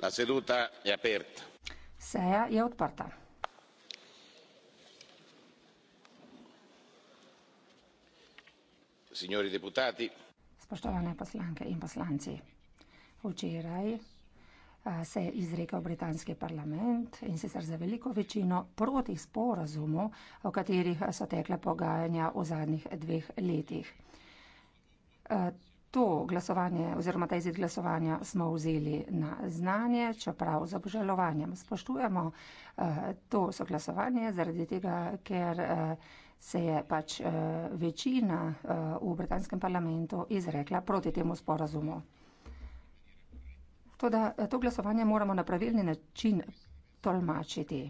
La seduta è aperta. Seja je odprta. Signori deputati. Spoštovane poslanke in poslanci. Včeraj eh, se je izrekel britanski parlament in sicer za veliko večino proti sporazumu, o katerih so tekle pogajanja v zadnjih dveh letih. Eh, to glasovanje oziroma ta izid glasovanja smo vzeli na znanje, čeprav z obžalovanjem spoštujemo eh, to soglasovanje, zaradi tega, ker eh, se je pač eh, večina v britanskem parlamentu izrekla proti temu sporazumu. Toda to glasovanje moramo na pravilni način tolmačiti.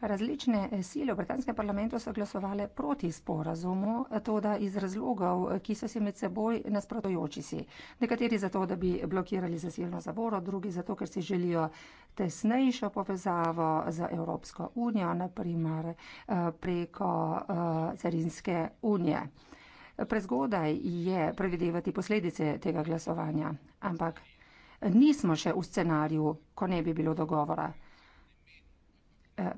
Različne eh, sile v britanskem parlamentu so glasovale proti sporazumu, eh, tudi iz razlogov, eh, ki so si med seboj nasprotujoči si. Nekateri zato, da bi blokirali zasilno zavoro, drugi zato, ker si želijo tesnejšo povezavo z Evropsko unijo, naprimer preko carinske unije. Prezgodaj je predvidevati posledice tega glasovanja, ampak nismo še v scenariju, ko ne bi bilo dogovora.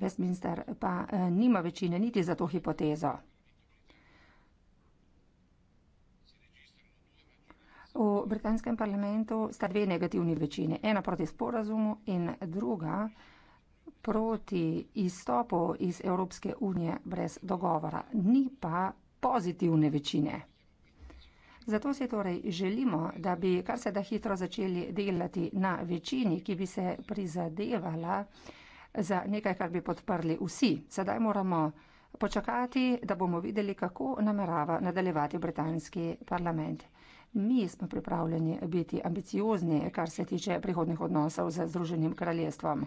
Westminster pa e, nima večine niti za to hipotezo. V britanskem parlamentu sta dve negativni večini, ena proti sporazumu in druga proti izstopu iz Evropske unije brez dogovora. Ni pa pozitivne večine. Zato si torej želimo, da bi kar se da hitro začeli delati na večini, ki bi se prizadevala za nekaj, kar bi podprli vsi. Sedaj moramo počakati, da bomo videli, kako namerava nadaljevati britanski parlament. Mi smo pripravljeni biti ambiciozni, kar se tiče prihodnih odnosov z Združenim kraljestvom.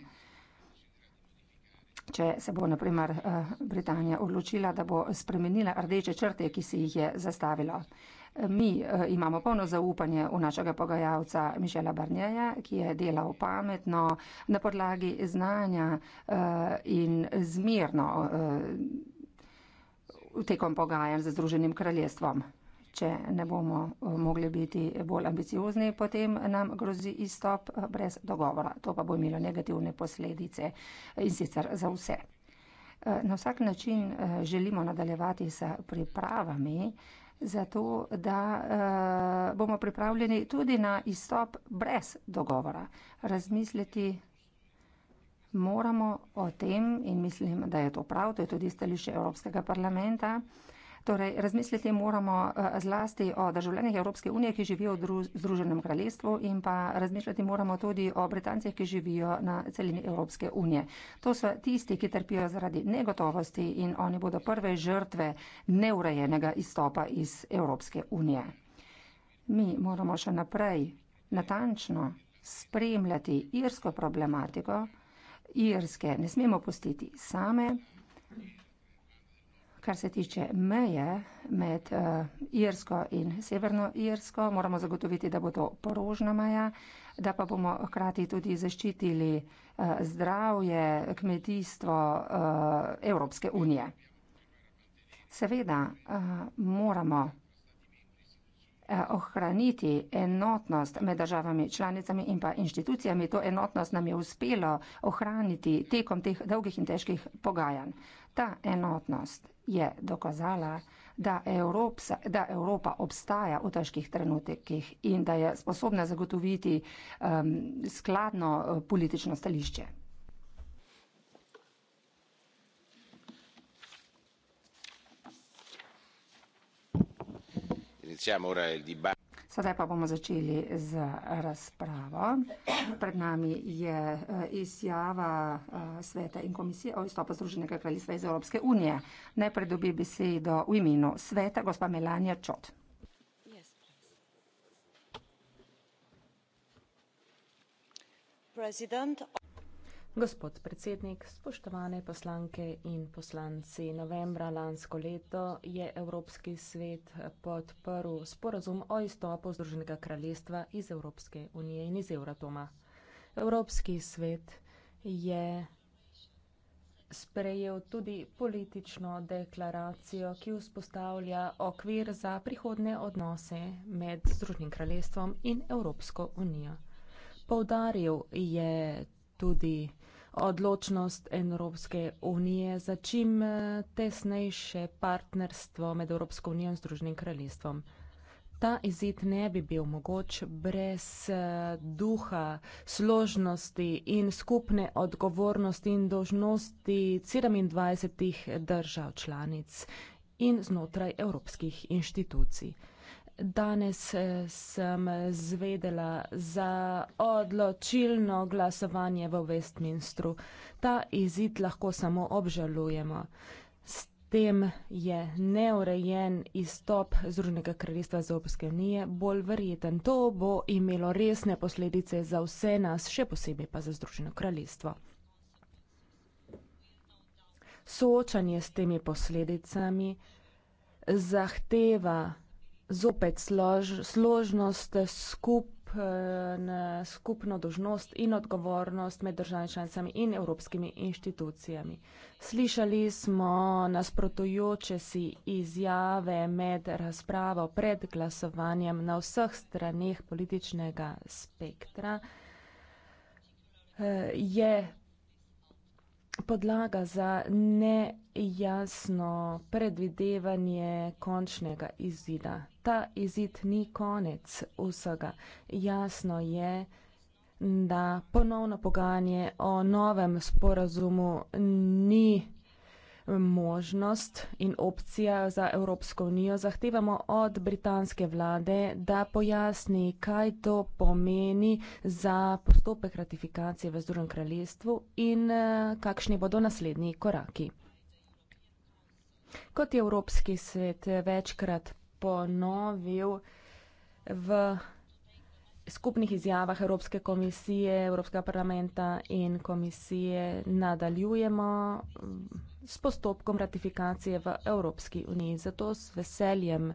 Če se bo, na primer, eh, Britanija odločila, da bo spremenila rdeče črte, ki si jih je zastavila. Mi eh, imamo polno zaupanje v našega pogajalca Mišela Barnjeja, ki je delal pametno na podlagi znanja eh, in zmirno eh, tekom pogajanj z Združenim kraljestvom. Če ne bomo mogli biti bolj ambiciozni, potem nam grozi izstop brez dogovora. To pa bo imelo negativne posledice in sicer za vse. Na vsak način želimo nadaljevati s pripravami zato da uh, bomo pripravljeni tudi na izstop brez dogovora. Razmisliti moramo o tem in mislim, da je to prav, to je tudi stališče Evropskega parlamenta. Torej, razmisliti moramo eh, zlasti o državljanih Evropske unije, ki živijo v Združenem kraljestvu in pa razmišljati moramo tudi o Britancih, ki živijo na celini Evropske unije. To so tisti, ki trpijo zaradi negotovosti in oni bodo prve žrtve neurejenega izstopa iz Evropske unije. Mi moramo še naprej natančno spremljati irsko problematiko. Irske ne smemo pustiti same. Kar se tiče meje med uh, Irsko in Severno Irsko, moramo zagotoviti, da bo to porožna meja, da pa bomo hkrati tudi zaščitili uh, zdravje, kmetijstvo uh, Evropske unije. Seveda uh, moramo ohraniti enotnost med državami, članicami in pa inštitucijami. To enotnost nam je uspelo ohraniti tekom teh dolgih in težkih pogajanj. Ta enotnost je dokazala, da Evropa, da Evropa obstaja v težkih trenutkih in da je sposobna zagotoviti um, skladno uh, politično stališče. Iniciamo ora il dibattito. Sedaj pa bomo začeli z razpravo. Pred nami je eh, izjava eh, sveta in komisije o izstopu Združenega kraljestva iz Evropske unije. Najprej dobi besedo v imenu sveta gospa Melania Čot. President, Gospod predsednik, spoštovane poslanke in poslanci, novembra lansko leto je Evropski svet podprl sporazum o izstopu Združenega kraljestva iz Evropske unije in iz Euratoma. Evropski svet je sprejel tudi politično deklaracijo, ki vzpostavlja okvir za prihodne odnose med Združenim kraljestvom in Evropsko unijo. Poudaril je tudi odločnost Evropske unije za čim eh, tesnejše partnerstvo med Evropsko unijo in Združenim kraljestvom. Ta izid ne bi bil mogoč brez eh, duha, složnosti in skupne odgovornosti in dožnosti 27 držav članic in znotraj evropskih inštitucij danes eh, sem zvedela za odločilno glasovanje v Westminstru. Ta izid lahko samo obžalujemo. S tem je neurejen izstop Združenega kraljestva z Evropske unije bolj verjeten. To bo imelo resne posledice za vse nas, še posebej pa za Združeno kraljestvo. Soočanje s temi posledicami zahteva zopet slož, složnost skup, eh, skupno dožnost in odgovornost med državami članicami in evropskimi inštitucijami. Slišali smo nasprotujoče si izjave med razpravo pred glasovanjem na vseh straneh političnega spektra. Eh, je podlaga za nejasno predvidevanje končnega izida ta izid ni konec vsega. Jasno je, da ponovno pogajanje o novem sporazumu ni možnost in opcija za Evropsko unijo. Zahtevamo od britanske vlade, da pojasni, kaj to pomeni za postopek ratifikacije v Združenem kraljestvu in eh, kakšni bodo naslednji koraki. Kot je Evropski svet večkrat ponovil v skupnih izjavah Evropske komisije, Evropskega parlamenta in komisije. Nadaljujemo mm, s postopkom ratifikacije v Evropski uniji. Zato s veseljem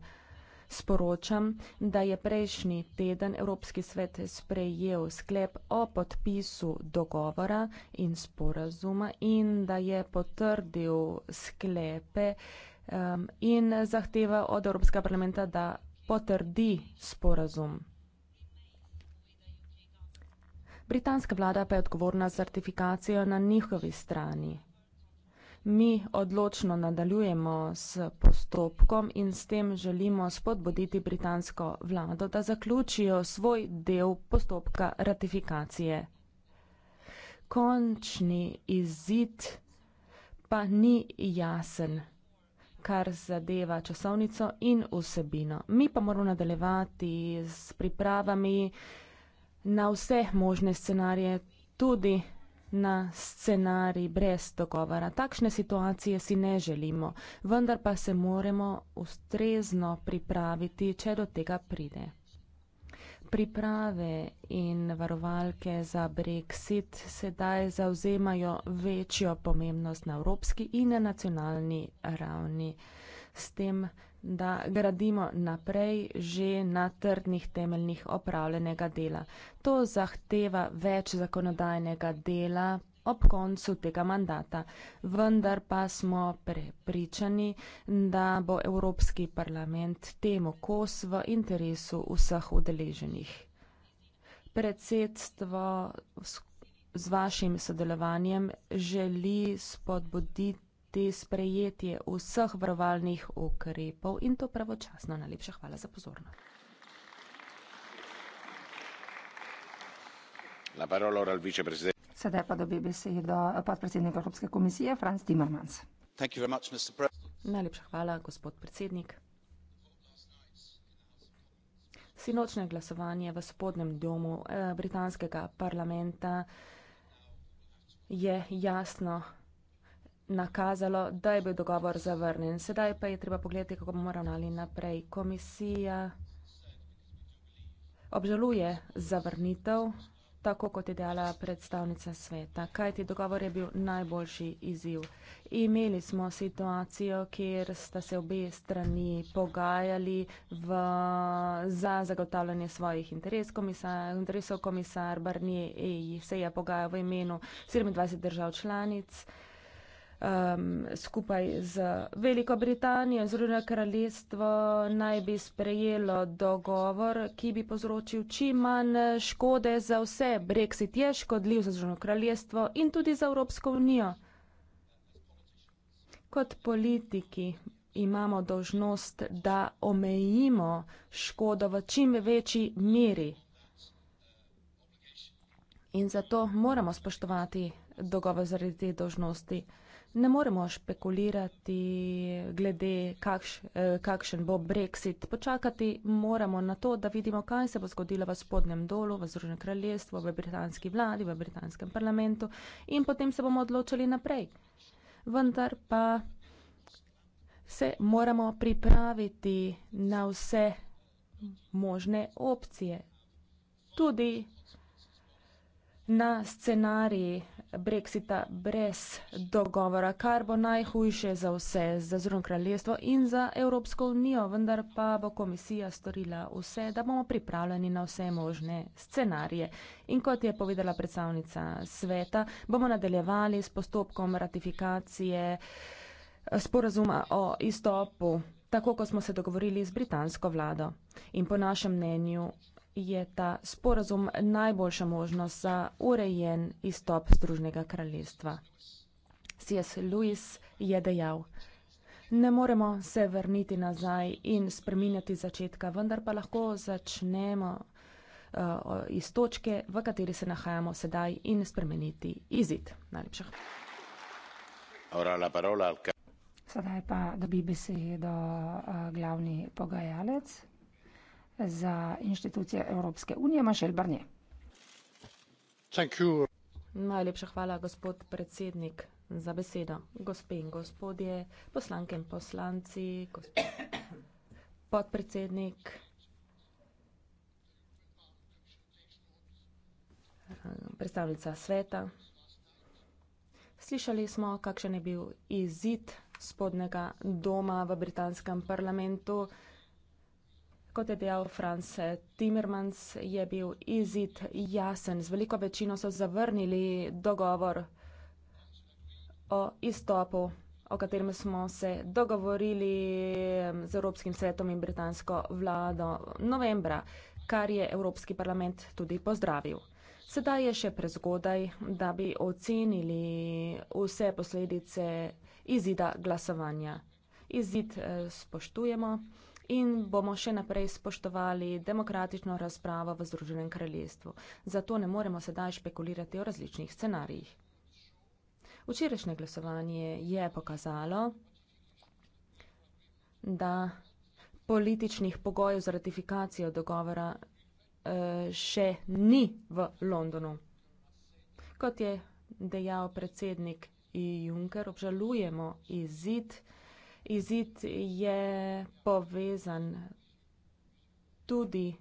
sporočam, da je prejšnji teden Evropski svet sprejel sklep o podpisu dogovora in sporazuma in da je potrdil sklepe eh, Um, in zahteva od Evropskega parlamenta, da potrdi sporazum. Britanska vlada pa je odgovorna za ratifikacijo na njihovi strani. Mi odločno nadaljujemo s postopkom in s tem želimo spodbuditi britansko vlado, da zaključijo svoj del postopka ratifikacije. Končni izid pa ni jasen kar zadeva časovnico in vsebino. Mi pa moramo nadaljevati s pripravami na vse možne scenarije, tudi na scenarij brez dogovora. Takšne situacije si ne želimo, vendar pa se moramo ustrezno pripraviti, če do tega pride priprave in varovalke za brexit sedaj zauzemajo večjo pomembnost na evropski in na nacionalni ravni. S tem, da gradimo naprej že na trdnih temeljnih opravljenega dela. To zahteva več zakonodajnega dela, ob koncu tega mandata. Vendar pa smo prepričani, da bo Evropski parlament temu kos v interesu vseh udeleženih. Predsedstvo z vašim sodelovanjem želi spodbuditi sprejetje vseh varovalnih ukrepov in to pravočasno. Najlepša hvala za pozornost. La parola ora al viceprezidente. Sedaj pa dobi besedo eh, podpredsednik Evropske komisije Franz Timmermans. Najlepša hvala, gospod predsednik. Sinočne glasovanje v spodnjem domu eh, britanskega parlamenta je jasno nakazalo, da je bil dogovor zavrnen. Sedaj pa je treba pogledati, kako bomo ravnali naprej. Komisija obžaluje zavrnitev tako kot je dejala predstavnica sveta. Kaj ti dogovor je bil najboljši izziv? Imeli smo situacijo, kjer sta se obe strani pogajali v, za zagotavljanje svojih interes. komisar, interesov. Komisar Barnier se je pogajal v imenu 27 držav članic um, skupaj z Veliko Britanijo in Združeno kraljestvo naj bi sprejelo dogovor, ki bi povzročil čim manj škode za vse. Brexit je škodljiv za Združeno kraljestvo in tudi za Evropsko unijo. Kot politiki imamo dožnost, da omejimo škodo v čim večji meri. In zato moramo spoštovati dogovor zaradi te dožnosti ne moremo špekulirati glede, kakš, eh, kakšen bo brexit. Počakati moramo na to, da vidimo, kaj se bo zgodilo v spodnjem dolu, v Združenem kraljestvu, v britanski vladi, v britanskem parlamentu in potem se bomo odločili naprej. Vendar pa se moramo pripraviti na vse možne opcije. Tudi na scenariji. Brexita brez dogovora, kar bo najhujše za vse, za Zrno kraljestvo in za Evropsko unijo, vendar pa bo komisija storila vse, da bomo pripravljeni na vse možne scenarije. In kot je povedala predstavnica sveta, bomo nadaljevali s postopkom ratifikacije eh, sporazuma o izstopu, tako kot smo se dogovorili z britansko vlado. In po našem mnenju je ta sporazum najboljša možnost za urejen izstop Združnega kraljestva. C.S. Lewis je dejal, ne moremo se vrniti nazaj in spreminjati začetka, vendar pa lahko začnemo uh, iz točke, v kateri se nahajamo sedaj in spremeniti izid. Najlepša hvala. Sedaj pa dobi besedo uh, glavni pogajalec, za inštitucije Evropske unije, Mašel Barnje. Najlepša hvala, gospod predsednik, za besedo. Gospe in gospodje, poslanke in poslanci, gospod podpredsednik. Predstavnica sveta. Slišali smo, kakšen je bil izid spodnega doma v britanskem parlamentu kot je dejal Franz Timmermans, je bil izid jasen. Z veliko večino so zavrnili dogovor o izstopu, o katerem smo se dogovorili z Evropskim svetom in britansko vlado novembra, kar je Evropski parlament tudi pozdravil. Sedaj je še prezgodaj, da bi ocenili vse posledice izida glasovanja. Izid eh, spoštujemo in bomo še naprej spoštovali demokratično razpravo v Združenem kraljestvu. Zato ne moremo sedaj špekulirati o različnih scenarijih. Včerajšnje glasovanje je pokazalo, da političnih pogojev za ratifikacijo dogovora eh, še ni v Londonu. Kot je dejal predsednik Juncker, obžalujemo izid. Iz izid je povezan tudi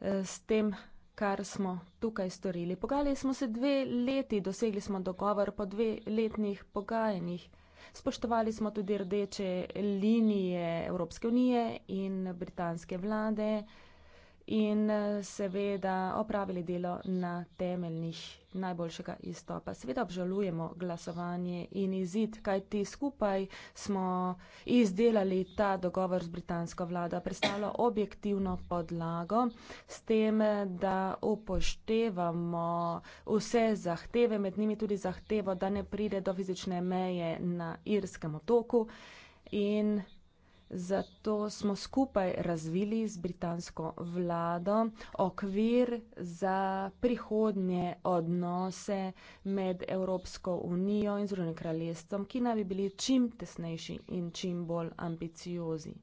eh, s tem, kar smo tukaj storili. Pogajali smo se dve leti, dosegli smo dogovor po dve letnih pogajanjih. Spoštovali smo tudi rdeče linije Evropske unije in britanske vlade in eh, seveda opravili delo na temeljnih najboljšega izstopa. Seveda obžalujemo glasovanje in izid, kajti skupaj smo izdelali ta dogovor z britansko vlado. Predstavlja objektivno podlago s tem, da upoštevamo vse zahteve, med njimi tudi zahtevo, da ne pride do fizične meje na irskem otoku. In Zato smo skupaj razvili z britansko vlado okvir za prihodnje odnose med Evropsko unijo in Združenim kraljestvom, ki naj bi bili čim tesnejši in čim bolj ambiciozni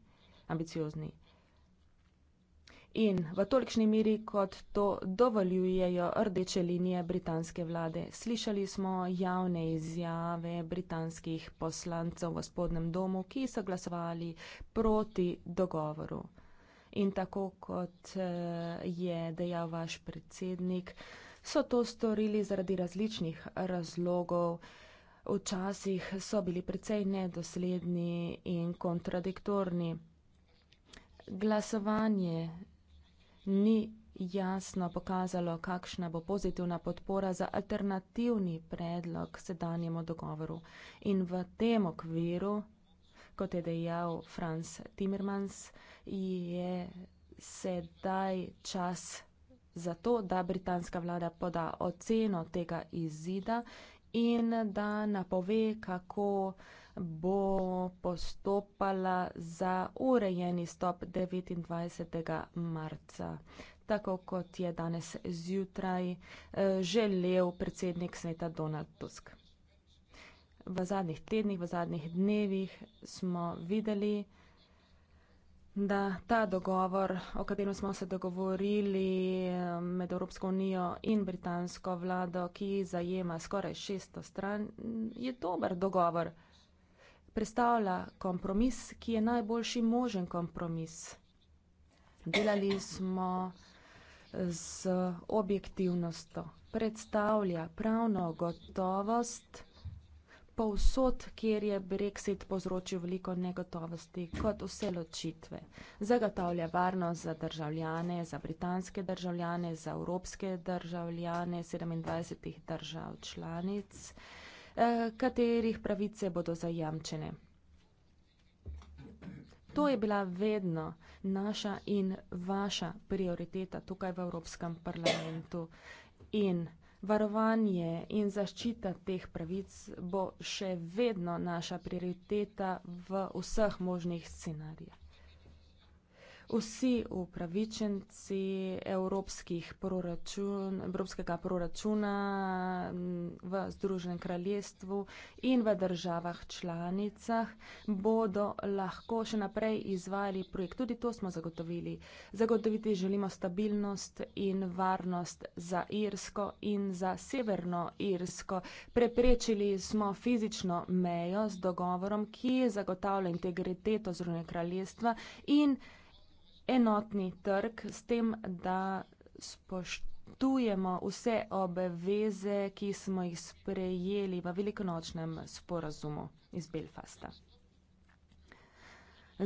in v tolikšni meri, kot to dovoljujejo rdeče linije britanske vlade. Slišali smo javne izjave britanskih poslancev v spodnem domu, ki so glasovali proti dogovoru. In tako kot eh, je dejal vaš predsednik, so to storili zaradi različnih razlogov. Včasih so bili precej nedosledni in kontradiktorni. Glasovanje ni jasno pokazalo, kakšna bo pozitivna podpora za alternativni predlog sedanjemu dogovoru. In v tem okviru, kot je dejal Franz Timmermans, je sedaj čas za to, da britanska vlada poda oceno tega izida in da napove, kako bo postopala za urejeni stop 29. marca. Tako kot je danes zjutraj eh, želel predsednik sveta Donald Tusk. V zadnjih tednih, v zadnjih dnevih smo videli, da ta dogovor, o katerem smo se dogovorili eh, med Evropsko unijo in britansko vlado, ki zajema skoraj 600 stran, je dober dogovor predstavlja kompromis, ki je najboljši možen kompromis. Delali smo z objektivnostjo. Predstavlja pravno gotovost povsod, kjer je Brexit povzročil veliko negotovosti, kot vse ločitve. Zagotavlja varnost za državljane, za britanske državljane, za evropske državljane 27 držav članic. Eh, katerih pravice bodo zajamčene. To je bila vedno naša in vaša prioriteta tukaj v Evropskem parlamentu in varovanje in zaščita teh pravic bo še vedno naša prioriteta v vseh možnih scenarijih vsi upravičenci evropskih proračun, evropskega proračuna v Združenem kraljestvu in v državah članicah bodo lahko še naprej izvajali projekt. Tudi to smo zagotovili. Zagotoviti želimo stabilnost in varnost za Irsko in za Severno Irsko. Preprečili smo fizično mejo z dogovorom, ki zagotavlja integriteto Združenega kraljestva in enotni trg s tem, da spoštujemo vse obveze, ki smo jih sprejeli v velikonočnem sporazumu iz Belfasta.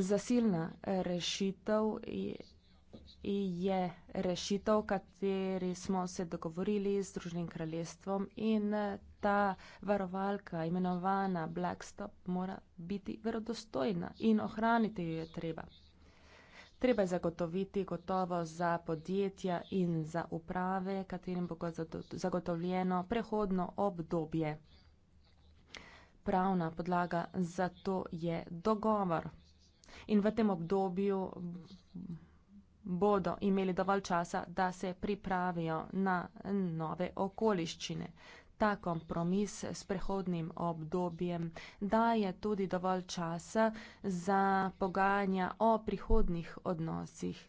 Zasilna rešitev je rešitev, kateri smo se dogovorili z Združenim kraljestvom in ta varovalka imenovana Blackstop mora biti verodostojna in ohraniti jo je treba. Treba je zagotoviti gotovo za podjetja in za uprave, katerim bo zagotovljeno prehodno obdobje. Pravna podlaga za to je dogovor. In v tem obdobju bodo imeli dovolj časa, da se pripravijo na nove okoliščine ta kompromis s prehodnim obdobjem daje tudi dovolj časa za pogajanja o prihodnih odnosih.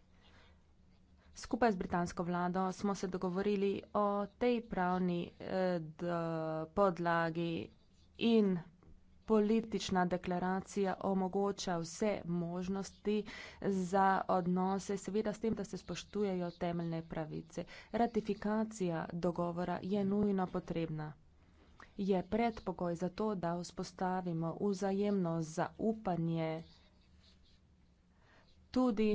Skupaj z britansko vlado smo se dogovorili o tej pravni eh, podlagi in politična deklaracija omogoča vse možnosti za odnose, seveda s tem, da se spoštujejo temeljne pravice. Ratifikacija dogovora je nujno potrebna. Je predpogoj za to, da vzpostavimo vzajemno zaupanje tudi,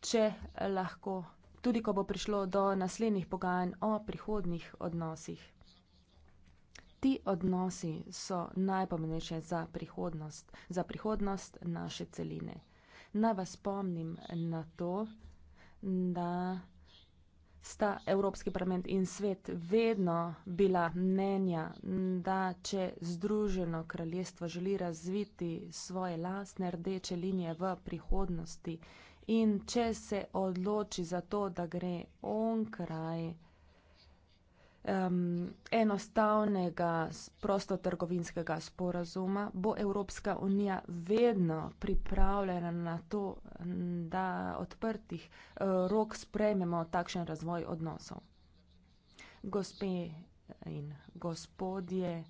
če lahko, tudi ko bo prišlo do naslednjih pogajanj o prihodnih odnosih. Ti odnosi so najpomenejše za prihodnost, za prihodnost naše celine. Naj vas spomnim na to, da sta Evropski parlament in svet vedno bila mnenja, da če Združeno kraljestvo želi razviti svoje lastne rdeče linije v prihodnosti in če se odloči za to, da gre onkraj kraj, um, enostavnega prostotrgovinskega sporazuma, bo Evropska unija vedno pripravljena na to, da odprtih eh, rok sprejmemo takšen razvoj odnosov. Gospe in gospodje,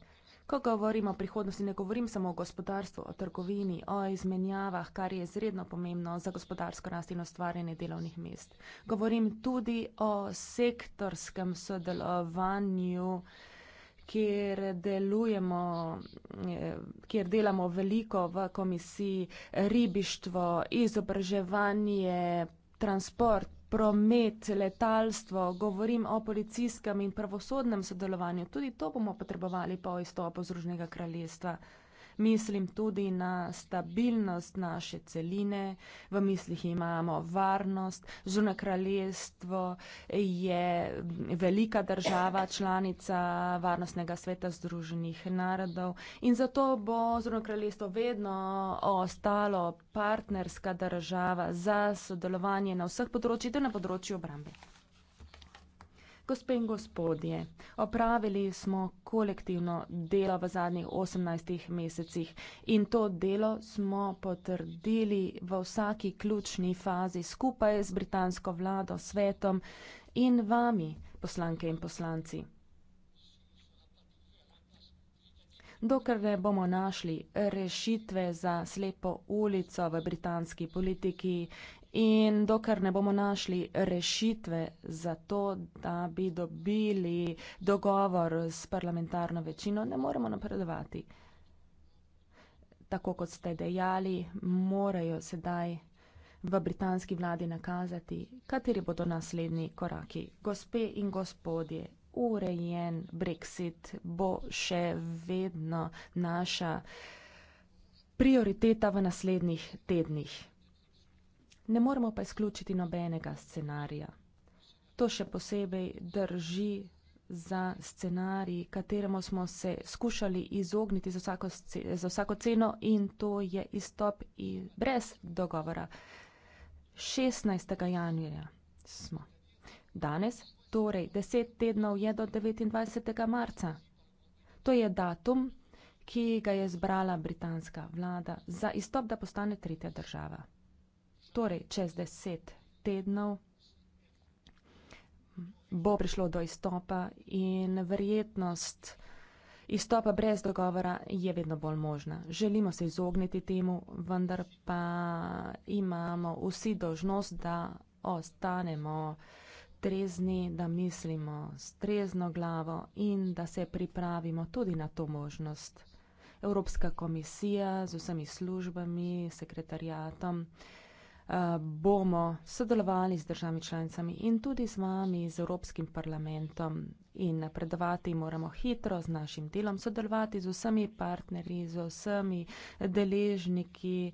Ko govorim o prihodnosti, ne govorim samo o gospodarstvu, o trgovini, o izmenjavah, kar je izredno pomembno za gospodarsko rast in ustvarjanje delovnih mest. Govorim tudi o sektorskem sodelovanju, kjer delujemo, eh, kjer delamo veliko v komisiji, ribištvo, izobraževanje, transport, promet, letalstvo, govorim o policijskem in pravosodnem sodelovanju. Tudi to bomo potrebovali po izstopu Združenega kraljestva mislim tudi na stabilnost naše celine, v mislih imamo varnost, zunaj kraljestvo je velika država, članica Varnostnega sveta Združenih narodov in zato bo zunaj kraljestvo vedno ostalo partnerska država za sodelovanje na vseh področjih, tudi na področju obrambe. Gospe in gospodje, opravili smo kolektivno delo v zadnjih 18 mesecih in to delo smo potrdili v vsaki ključni fazi skupaj z britansko vlado, svetom in vami, poslanke in poslanci. Dokler ne bomo našli rešitve za slepo ulico v britanski politiki In dokler ne bomo našli rešitve za to, da bi dobili dogovor s parlamentarno večino, ne moremo napredovati. Tako kot ste dejali, morajo sedaj v britanski vladi nakazati, kateri bodo naslednji koraki. Gospe in gospodje, urejen brexit bo še vedno naša prioriteta v naslednjih tednih. Ne moremo pa izključiti nobenega scenarija. To še posebej drži za scenarij, kateremu smo se skušali izogniti za vsako, za vsako ceno in to je izstop in brez dogovora. 16. januarja smo. Danes, torej 10 tednov je do 29. marca. To je datum, ki ga je zbrala britanska vlada za izstop, da postane tretja država torej čez deset tednov bo prišlo do izstopa in verjetnost izstopa brez dogovora je vedno bolj možna. Želimo se izogniti temu, vendar pa imamo vsi dožnost, da ostanemo trezni, da mislimo s trezno glavo in da se pripravimo tudi na to možnost. Evropska komisija z vsemi službami, sekretarjatom, uh, Eh, bomo sodelovali z državami članicami in tudi z vami, z Evropskim parlamentom in napredovati moramo hitro z našim delom, sodelovati z vsemi partnerji, z vsemi deležniki,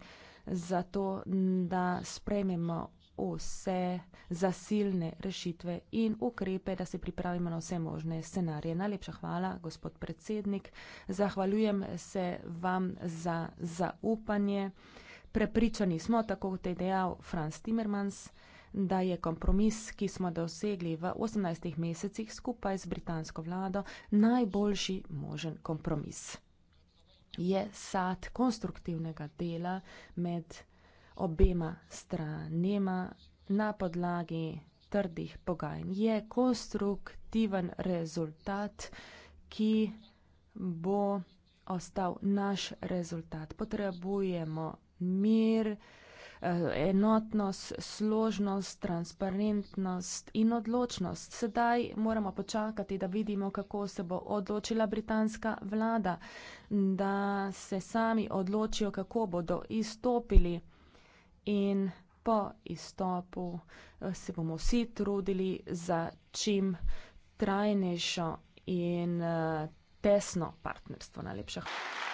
zato da sprejmemo vse zasilne rešitve in ukrepe, da se pripravimo na vse možne scenarije. Najlepša hvala, gospod predsednik. Zahvaljujem se vam za zaupanje prepričani smo, tako kot je dejal Franz Timmermans, da je kompromis, ki smo dosegli v 18 mesecih skupaj z britansko vlado, najboljši možen kompromis. Je sad konstruktivnega dela med obema stranema na podlagi trdih pogajanj. Je konstruktiven rezultat, ki bo ostal naš rezultat. Potrebujemo mir, eh, enotnost, složnost, transparentnost in odločnost. Sedaj moramo počakati, da vidimo, kako se bo odločila britanska vlada, da se sami odločijo, kako bodo izstopili in po izstopu eh, se bomo vsi trudili za čim trajnejšo in eh, tesno partnerstvo. Najlepša hvala.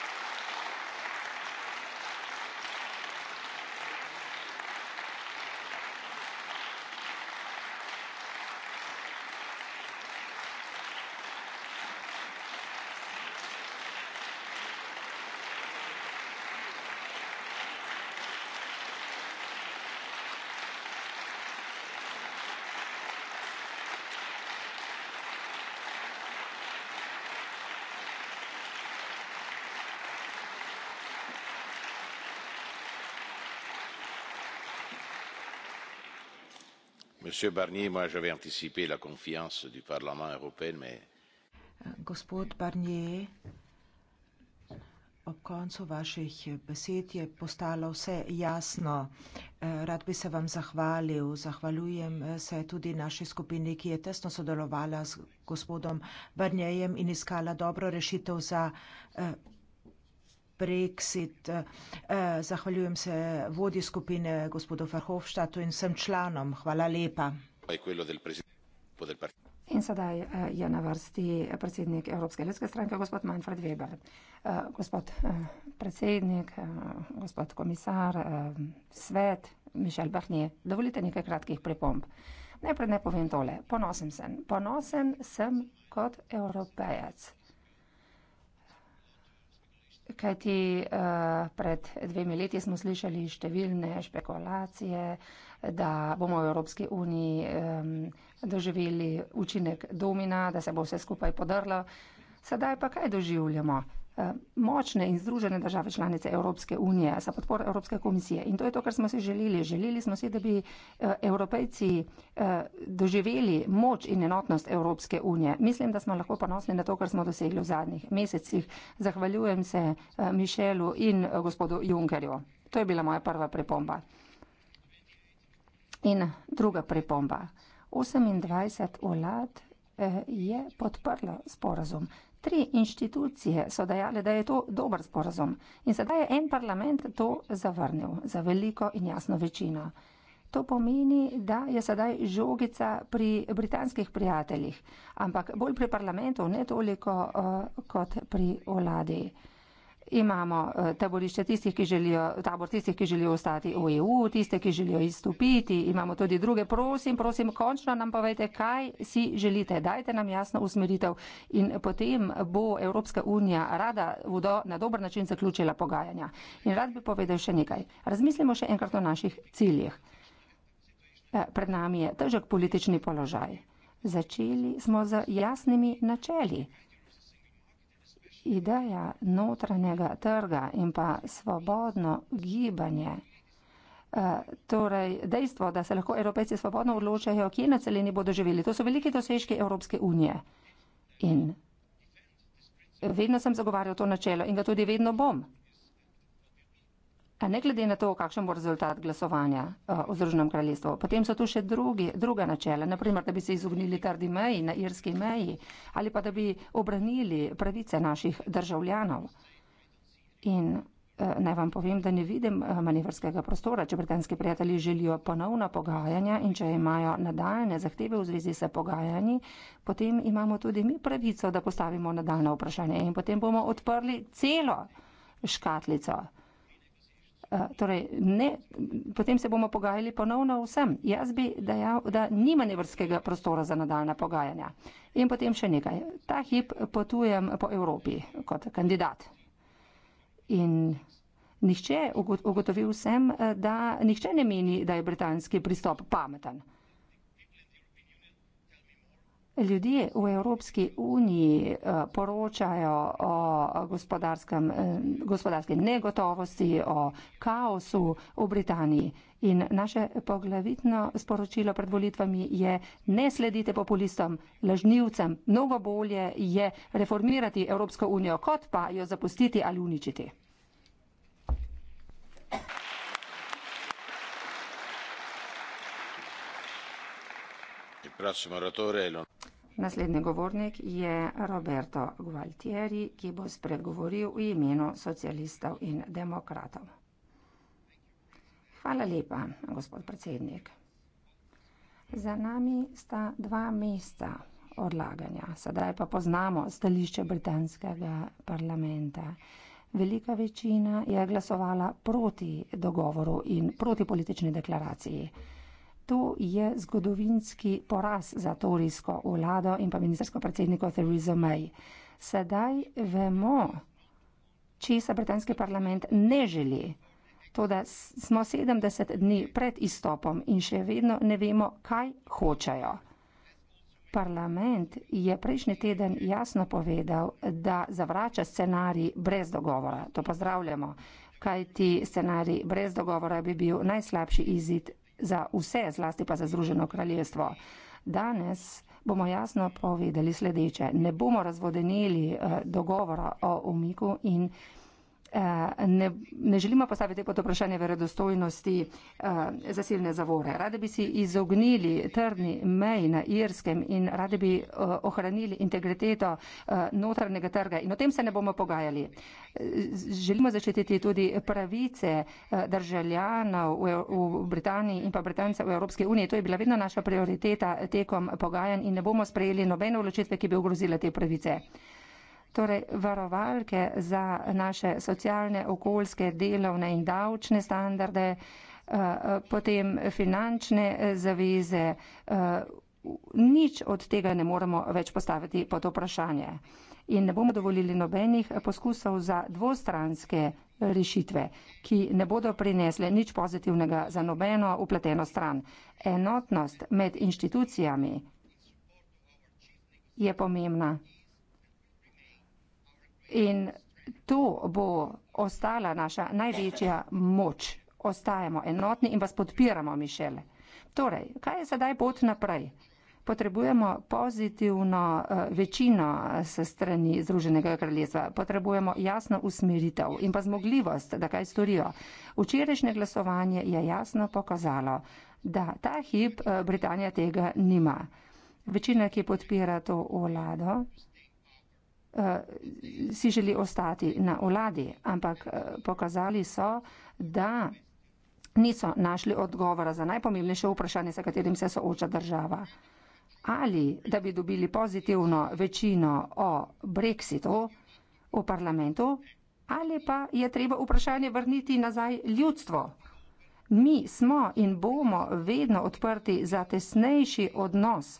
Monsieur Barnier, moi j'avais anticipé la confiance du Parlement européen, mais. Gospod Barnier, ob koncu vaših besed je postalo vse jasno. Eh, rad bi se vam zahvalil. Zahvaljujem eh, se tudi naši skupini, ki je tesno sodelovala z gospodom Barnjejem in iskala dobro rešitev za eh, Brexit. Eh, eh, zahvaljujem se vodji skupine gospodu Verhofstadtu in vsem članom. Hvala lepa. In sedaj eh, je na vrsti predsednik Evropske ljudske stranke, gospod Manfred Weber. Gospod predsednik, gospod komisar, svet, Mišel Barnier, dovolite nekaj kratkih pripomb. Najprej ne povem tole, ponosen sem, ponosen sem kot evropejec, kajti uh, pred dvemi leti smo slišali številne špekulacije, da bomo v Evropski uniji um, doživeli učinek domina, da se bo vse skupaj podrlo. Sedaj pa kaj doživljamo? Eh, močne in združene države članice Evropske unije za podporo Evropske komisije. In to je to, kar smo si želeli. Želeli smo si, da bi eh, Evropejci eh, doživeli moč in enotnost Evropske unije. Mislim, da smo lahko ponosni na to, kar smo dosegli v zadnjih mesecih. Zahvaljujem se Mišelu in gospodu Junkerju. To je bila moja prva pripomba. In druga pripomba. 28 vlad je podprlo sporazum. Tri inštitucije so dejale, da je to dober sporazum in sedaj je en parlament to zavrnil za veliko in jasno večino. To pomeni, da je sedaj žogica pri britanskih prijateljih, ampak bolj pri parlamentu, ne toliko uh, kot pri vladi imamo eh, taborišče tistih, ki želijo, tabor tistih, ki želijo ostati v EU, tiste, ki želijo izstopiti, imamo tudi druge. Prosim, prosim, končno nam povejte, kaj si želite. Dajte nam jasno usmeritev in potem bo Evropska unija rada do, na dober način zaključila pogajanja. In rad bi povedal še nekaj. Razmislimo še enkrat o naših ciljih. Eh, pred nami je težek politični položaj. Začeli smo z jasnimi načeli ideja notranjega trga in pa svobodno gibanje, eh, torej dejstvo, da se lahko evropejci svobodno odločajo, kje na celini bodo živeli, to so veliki dosežki Evropske unije. In vedno sem zagovarjal to načelo in ga tudi vedno bom. A ne glede na to, kakšen bo rezultat glasovanja eh, v Združenem kraljestvu. Potem so tu še drugi, druga načela, naprimer, da bi se izognili trdi meji na irski meji ali pa da bi obranili pravice naših državljanov. In eh, naj vam povem, da ne vidim eh, manevrskega prostora, če britanski prijatelji želijo ponovna pogajanja in če imajo nadaljne zahteve v zvezi s pogajanji, potem imamo tudi mi pravico, da postavimo nadaljne vprašanje in potem bomo odprli celo škatlico. Eh, torej ne, potem se bomo pogajali ponovno vsem. Jaz bi dejal, da ni manevrskega prostora za nadaljna pogajanja. In potem še nekaj. Ta hip potujem po Evropi kot kandidat. In nihče ugotovil sem, eh, da nihče ne meni, da je britanski pristop pameten. Ljudje v Evropski uniji eh, poročajo o gospodarske eh, negotovosti, o kaosu v Britaniji. In naše poglavitno sporočilo pred volitvami je ne sledite populistom, lažnivcem. Mnogo bolje je reformirati Evropsko unijo, kot pa jo zapustiti ali uničiti. Naslednji govornik je Roberto Gualtieri, ki bo spregovoril v imenu socialistov in demokratov. Hvala lepa, gospod predsednik. Za nami sta dva mesta odlaganja, sedaj pa poznamo stališče britanskega parlamenta. Velika večina je glasovala proti dogovoru in proti politični deklaraciji. To je zgodovinski poraz za torijsko vlado in pa ministersko predsedniko Theresa May. Sedaj vemo, če se britanski parlament ne želi. To, da smo 70 dni pred izstopom in še vedno ne vemo, kaj hočejo. Parlament je prejšnji teden jasno povedal, da zavrača scenarij brez dogovora. To pozdravljamo, kaj ti scenarij brez dogovora bi bil najslabši izid za vse, zlasti pa za Združeno kraljestvo. Danes bomo jasno povedali sledeče. Ne bomo razvodenili eh, dogovora o umiku in. Eh, ne, ne želimo postaviti pod vprašanje verodostojnosti eh, zasilne zavore. Radi bi si izognili trdni mej na Irskem in radi bi eh, ohranili integriteto notranjega trga in o tem se ne bomo pogajali. Želimo zaščititi tudi pravice državljanov v Britaniji in pa Britancev v Evropski uniji. To je bila vedno naša prioriteta tekom pogajanj in ne bomo sprejeli nobene odločitve, ki bi ogrozile te pravice torej varovalke za naše socialne, okoljske, delovne in davčne standarde, eh, eh, potem finančne eh, zaveze. Nič od tega ne moremo več postaviti pod vprašanje. In ne bomo dovolili nobenih poskusov za dvostranske rešitve, ki ne bodo prinesle nič pozitivnega za nobeno upleteno stran. Enotnost med inštitucijami je pomembna. In to bo ostala naša največja moč. Ostajamo enotni in vas podpiramo, Mišel. Torej, kaj je sedaj pot naprej? Potrebujemo pozitivno eh, večino eh, se strani Združenega kraljestva, potrebujemo jasno usmeritev in pa zmogljivost, da kaj storijo. Včerajšnje glasovanje je jasno pokazalo, da ta hip eh, Britanija tega nima. Večina, ki podpira to vlado, Eh, si želi ostati na vladi, ampak eh, pokazali so, da niso našli odgovora za najpomembnejše vprašanje, s katerim se sooča država. Ali da bi dobili pozitivno večino o brexitu v parlamentu, ali pa je treba vprašanje vrniti nazaj ljudstvo. Mi smo in bomo vedno odprti za tesnejši odnos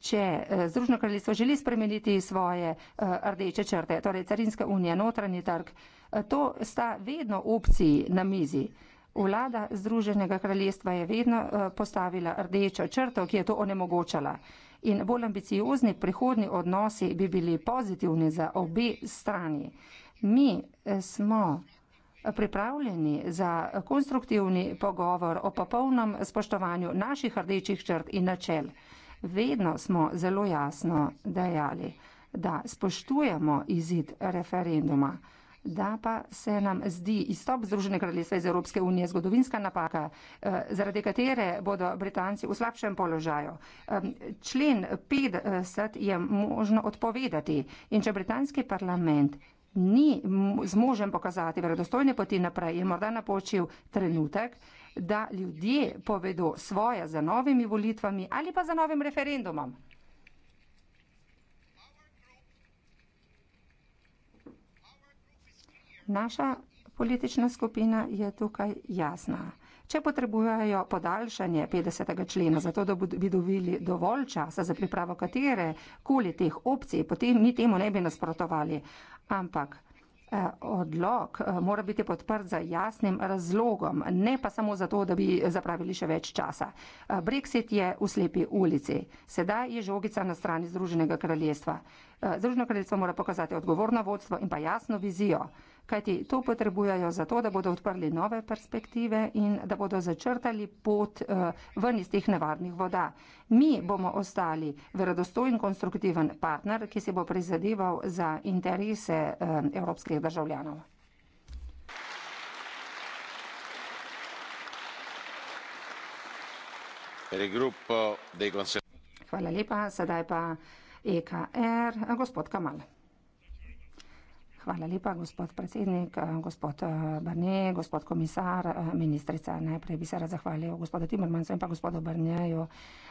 če eh, Združeno kraljestvo želi spremeniti svoje eh, rdeče črte, torej carinska unija, notranji trg, eh, to sta vedno opciji na mizi. Vlada Združenega kraljestva je vedno postavila rdečo črto, ki je to onemogočala. In bolj ambiciozni prihodni odnosi bi bili pozitivni za obe strani. Mi smo pripravljeni za konstruktivni pogovor o popolnem spoštovanju naših rdečih črt in načel. Vedno smo zelo jasno dejali, da spoštujemo izid referenduma, da pa se nam zdi izstop Združene kraljestva iz Evropske unije zgodovinska napaka, eh, zaradi katere bodo Britanci v slabšem položaju. Člen 50 je možno odpovedati in če britanski parlament ni zmožen pokazati verodostojne poti naprej, je morda napočil trenutek, da ljudje povedo svoje za novimi volitvami ali pa za novim referendumom. Naša politična skupina je tukaj jasna če potrebujejo podaljšanje 50. člena, zato da bodo dobili dovolj časa za pripravo katere koli teh opcij, potem mi temu ne bi nasprotovali. Ampak eh, odlog eh, mora biti podprt za jasnim razlogom, ne pa samo zato, da bi zapravili še več časa. Eh, Brexit je v slepi ulici. Sedaj je žogica na strani Združenega kraljestva. Združeno kraljestvo mora pokazati odgovorno vodstvo in pa jasno vizijo kajti to potrebujejo zato, da bodo odprli nove perspektive in da bodo začrtali pot eh, ven iz teh nevarnih voda. Mi bomo ostali verodostojen konstruktiven partner, ki se bo prizadeval za interese eh, evropskih državljanov. Hvala lepa, sedaj pa EKR, gospod Kamal. Hvala lepa, gospod predsednik, eh, gospod eh, Brne, gospod komisar, eh, ministrica. Najprej bi se rad zahvalil gospodu Timrmansu in pa gospodu Brnjaju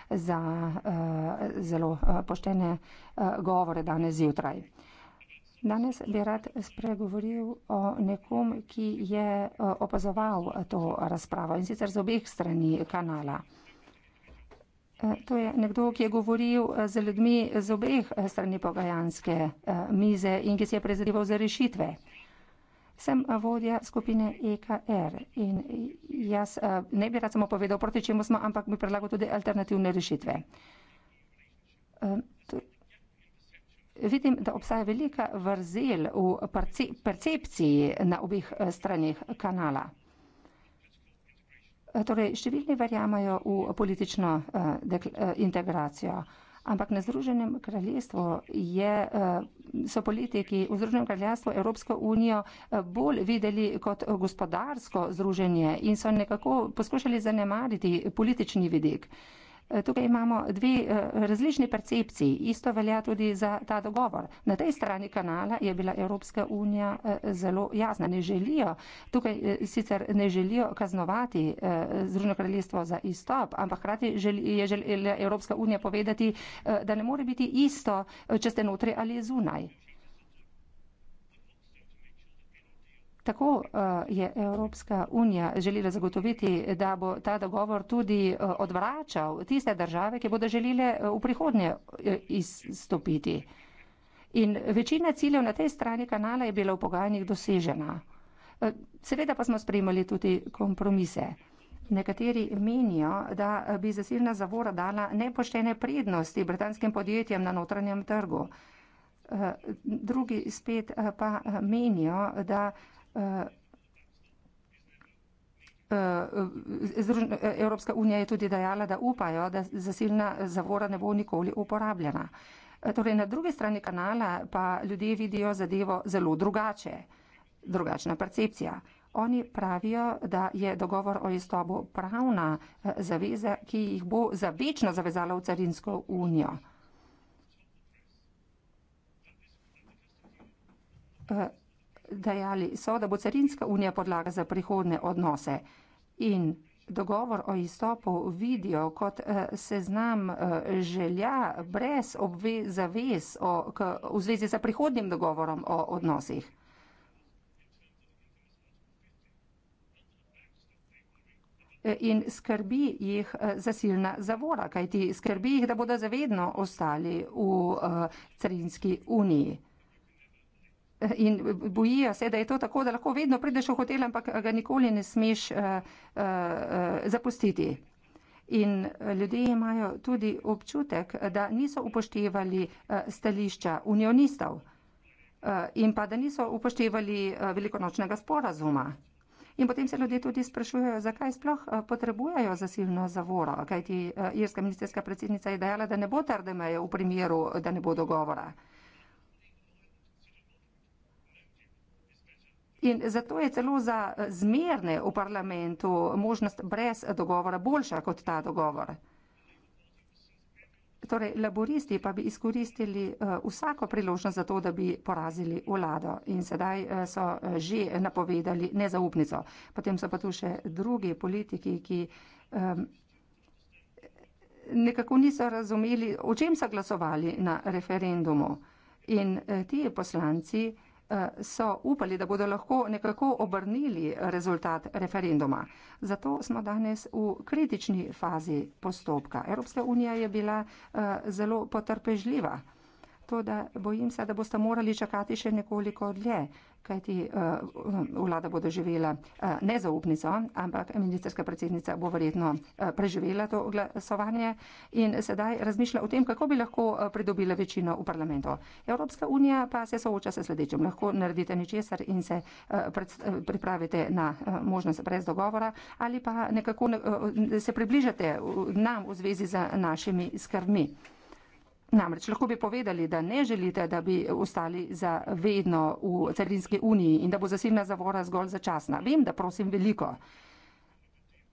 za zelo poštene govore danes zjutraj. Danes bi rad spregovoril o nekom, ki je opazoval to razpravo in sicer z obeh strani kanala. Eh, to je nekdo, ki je govoril eh, z ljudmi z obeh eh, strani pogajanske mize in ki si je prizadeval za rešitve. Sem vodja skupine EKR in jaz ne bi rad samo povedal, proti čemu smo, ampak bi predlagal tudi alternativne rešitve. Vidim, da obstaja velika vrzel v percepciji na obih stranih kanala. Eh, torej, številni verjamajo v politično uh, dekl, uh, integracijo, ampak na Združenem kraljestvu je, uh, so politiki v Združenem kraljestvu Evropsko unijo uh, bolj videli kot gospodarsko združenje in so nekako poskušali zanemariti politični vidik. Uh, Eh, tukaj imamo dve eh, različni percepciji. Isto velja tudi za ta dogovor. Na tej strani kanala je bila Evropska unija eh, zelo jasna. Ne želijo, tukaj sicer ne želijo kaznovati Združeno kraljestvo za izstop, ampak hkrati je želela Evropska unija povedati, da ne more biti isto, če ste notri ali zunaj. Tako uh, je Evropska unija želela zagotoviti, da bo ta dogovor tudi uh, odvračal tiste države, ki bodo želele uh, v prihodnje izstopiti. In večina ciljev na tej strani kanala je bila v pogajanjih dosežena. Seveda pa smo sprejemali tudi kompromise. Nekateri menijo, da bi zasilna zavora dala nepoštene prednosti britanskim podjetjem na notranjem trgu. Drugi spet pa menijo, da Eh, eh, eh, Evropska unija je tudi dejala, da upajo, da zasilna zavora ne bo nikoli uporabljena. Torej, na drugi strani kanala pa ljudje vidijo zadevo zelo drugače, drugačna percepcija. Oni pravijo, da je dogovor o izstopu pravna zaveza, ki jih bo za večno zavezala v carinsko unijo dejali so, da bo carinska unija podlaga za prihodne odnose in dogovor o izstopu vidijo kot eh, seznam eh, želja brez zavez o, k, v zvezi za prihodnim dogovorom o odnosih. Eh, in skrbi jih eh, zasilna zavora, kajti skrbi jih, da bodo zavedno ostali v uh, carinski uniji in bojijo se, da je to tako, da lahko vedno prideš v hotel, ampak ga nikoli ne smeš uh, uh, zapustiti. In eh, ljudje imajo tudi občutek, da niso upoštevali uh, stališča unionistov uh, in pa da niso upoštevali uh, velikonočnega sporazuma. In potem se ljudje tudi sprašujejo, zakaj sploh potrebujejo zasilno zavoro, kajti irska ministerska predsednica je dejala, da ne bo trdemeje v primeru, da ne bo dogovora. Uh, In zato je celo za eh, zmerne v parlamentu možnost brez dogovora boljša kot ta dogovor. Torej, laboristi pa bi izkoristili eh, vsako priložnost za to, da bi porazili vlado. In sedaj eh, so že napovedali nezaupnico. Potem so pa tu še drugi politiki, ki um, nekako niso razumeli, o čem so glasovali na referendumu. In ti poslanci. Eh, so upali, da bodo lahko nekako obrnili rezultat referenduma. Zato smo danes v kritični fazi postopka. Evropska unija je bila eh, zelo potrpežljiva. To, da bojim se, da boste morali čakati še nekoliko dlje kajti eh, vlada bo doživela eh, nezaupnico, ampak ministerska predsednica bo verjetno eh, preživela to glasovanje in sedaj razmišlja o tem, kako bi lahko pridobila večino v parlamentu. Evropska unija pa se sooča s sledečem. Lahko naredite ničesar in se pripravite na možnost brez dogovora ali pa nekako se približate nam v zvezi z našimi skrbmi. Namreč lahko bi povedali, da ne želite, da bi ostali za vedno v carinski uniji in da bo zasilna zavora zgolj začasna. Vem, da prosim veliko,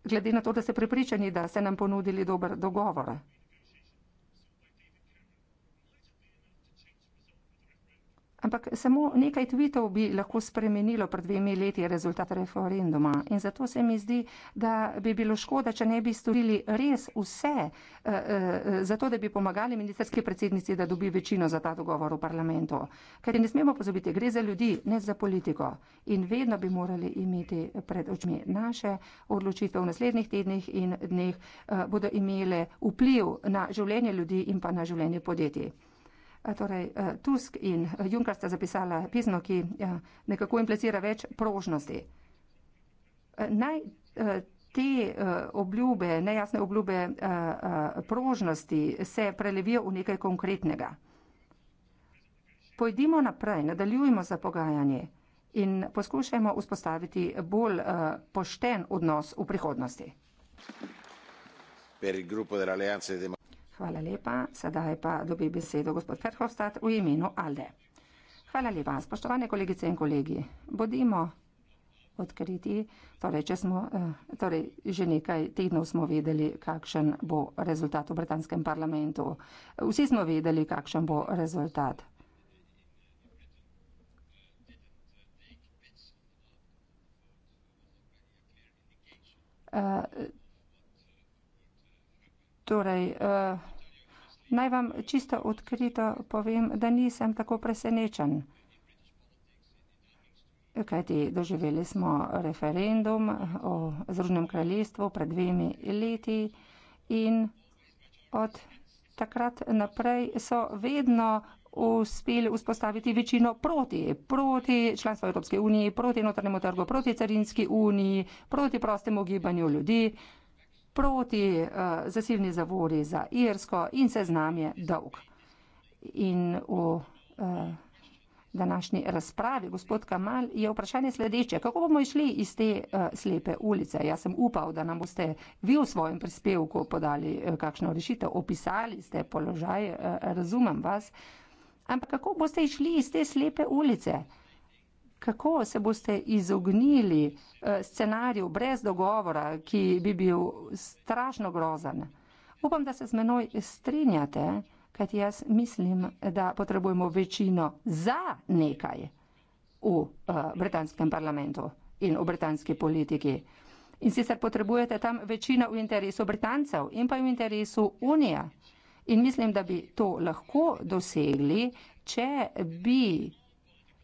glede na to, da ste prepričani, da ste nam ponudili dober dogovor. Ampak samo nekaj tvitev bi lahko spremenilo pred dvemi leti rezultat referenduma. In zato se mi zdi, da bi bilo škoda, če ne bi storili res vse, uh, uh, zato da bi pomagali ministerski predsednici, da dobi večino za ta dogovor v parlamentu. Ker ne smemo pozabiti, gre za ljudi, ne za politiko. In vedno bi morali imeti pred očmi naše odločitve v naslednjih tednih in dneh, uh, bodo imele vpliv na življenje ljudi in pa na življenje podjetij. Eh, torej, eh, Tusk in eh, Juncker sta zapisala pismo, ki nekako implicira več prožnosti. Naj te obljube, nejasne obljube prožnosti se prelevijo v nekaj konkretnega. Pojdimo naprej, nadaljujmo za pogajanje in poskušajmo vzpostaviti bolj pošten odnos v prihodnosti. Hvala lepa. Sedaj pa dobi besedo gospod Ferhovstad v imenu Alde. Hvala lepa. Spoštovane kolegice in kolegi, bodimo odkriti, torej, smo, eh, torej že nekaj tednov smo vedeli, kakšen bo rezultat v britanskem parlamentu. Vsi smo vedeli, kakšen bo rezultat. Uh, Torej, eh, naj vam čisto odkrito povem, da nisem tako presenečen. Kajti doživeli smo referendum o Združenem kraljestvu pred dvemi leti in od takrat naprej so vedno uspeli vzpostaviti večino proti, proti članstvu Evropske unije, proti notranjemu trgu, proti carinski uniji, proti prostemu gibanju ljudi proti uh, zasilni zavori za Irsko in seznam je dolg. In v uh, današnji razpravi, gospod Kamal, je vprašanje sledeče, kako bomo išli iz te uh, slepe ulice. Jaz sem upal, da nam boste vi v svojem prispevku podali uh, kakšno rešitev, opisali ste položaj, uh, razumem vas, ampak kako boste išli iz te slepe ulice? Uh, kako se boste izognili eh, scenariju brez dogovora, ki bi bil strašno grozen. Upam, da se z menoj strinjate, kajti jaz mislim, da potrebujemo večino za nekaj v eh, britanskem parlamentu in v britanski politiki. In sicer potrebujete tam večino v interesu Britancev in pa v interesu Unije. In mislim, da bi to lahko dosegli, če bi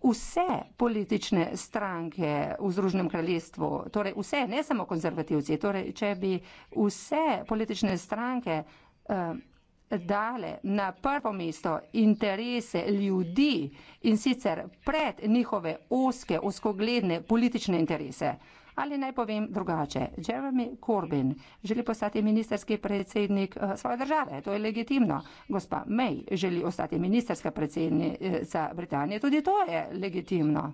vse politične stranke v Združenem kraljestvu, torej vse, ne samo konzervativci, torej če bi vse politične stranke uh, dale na prvo mesto interese ljudi in sicer pred njihove oske, oskogledne politične interese. Ali naj povem drugače, Jeremy Corbyn želi postati ministerski predsednik eh, svoje države, to je legitimno. Gospa May želi ostati ministerska predsednica Britanije, tudi to je legitimno.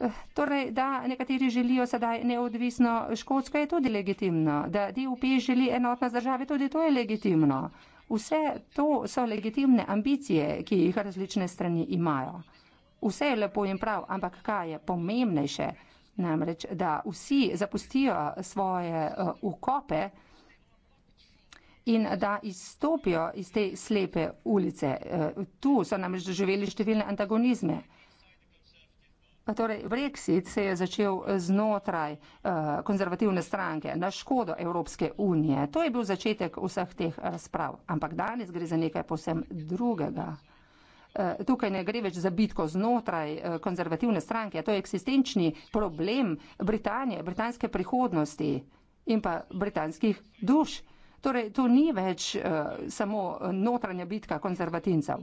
Eh, torej, da nekateri želijo sedaj neodvisno Škotsko, je tudi legitimno. Da DUP želi enotno z države, tudi to je legitimno. Vse to so legitimne ambicije, ki jih različne strani imajo vse je lepo in prav, ampak kaj je pomembnejše, namreč, da vsi zapustijo svoje uh, eh, ukope in da izstopijo iz te slepe ulice. Uh, tu so namreč doživeli številne antagonizme. Torej, Brexit se je začel znotraj uh, konzervativne stranke na škodo Evropske unije. To je bil začetek vseh teh razprav. Ampak danes gre za nekaj posem drugega. Eh, tukaj ne gre več za bitko znotraj eh, konzervativne stranke, to je eksistenčni problem Britanije, britanske prihodnosti in pa britanskih duš. Torej, to ni več uh, samo notranja bitka konzervativcev.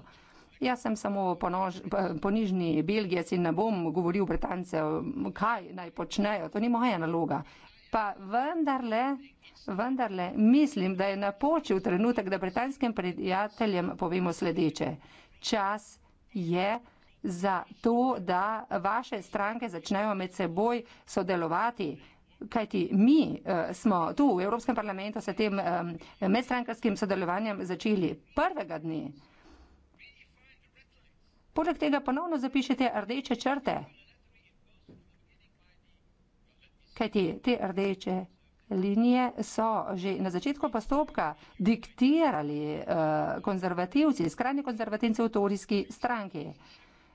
Jaz sem samo ponož, ponižni Belgijec in ne bom govoril Britancev, kaj naj počnejo, to ni moja naloga. Pa vendarle, vendarle mislim, da je napočil trenutek, da britanskim prijateljem povemo sledeče čas je za to, da vaše stranke začnejo med seboj sodelovati. Kajti mi uh, smo tu v Evropskem parlamentu s tem um, medstrankarskim sodelovanjem začeli prvega dne. Poleg tega ponovno zapišete rdeče črte. Kajti te rdeče linije so že na začetku postopka diktirali uh, konzervativci, skrajni konzervativci v torijski stranki.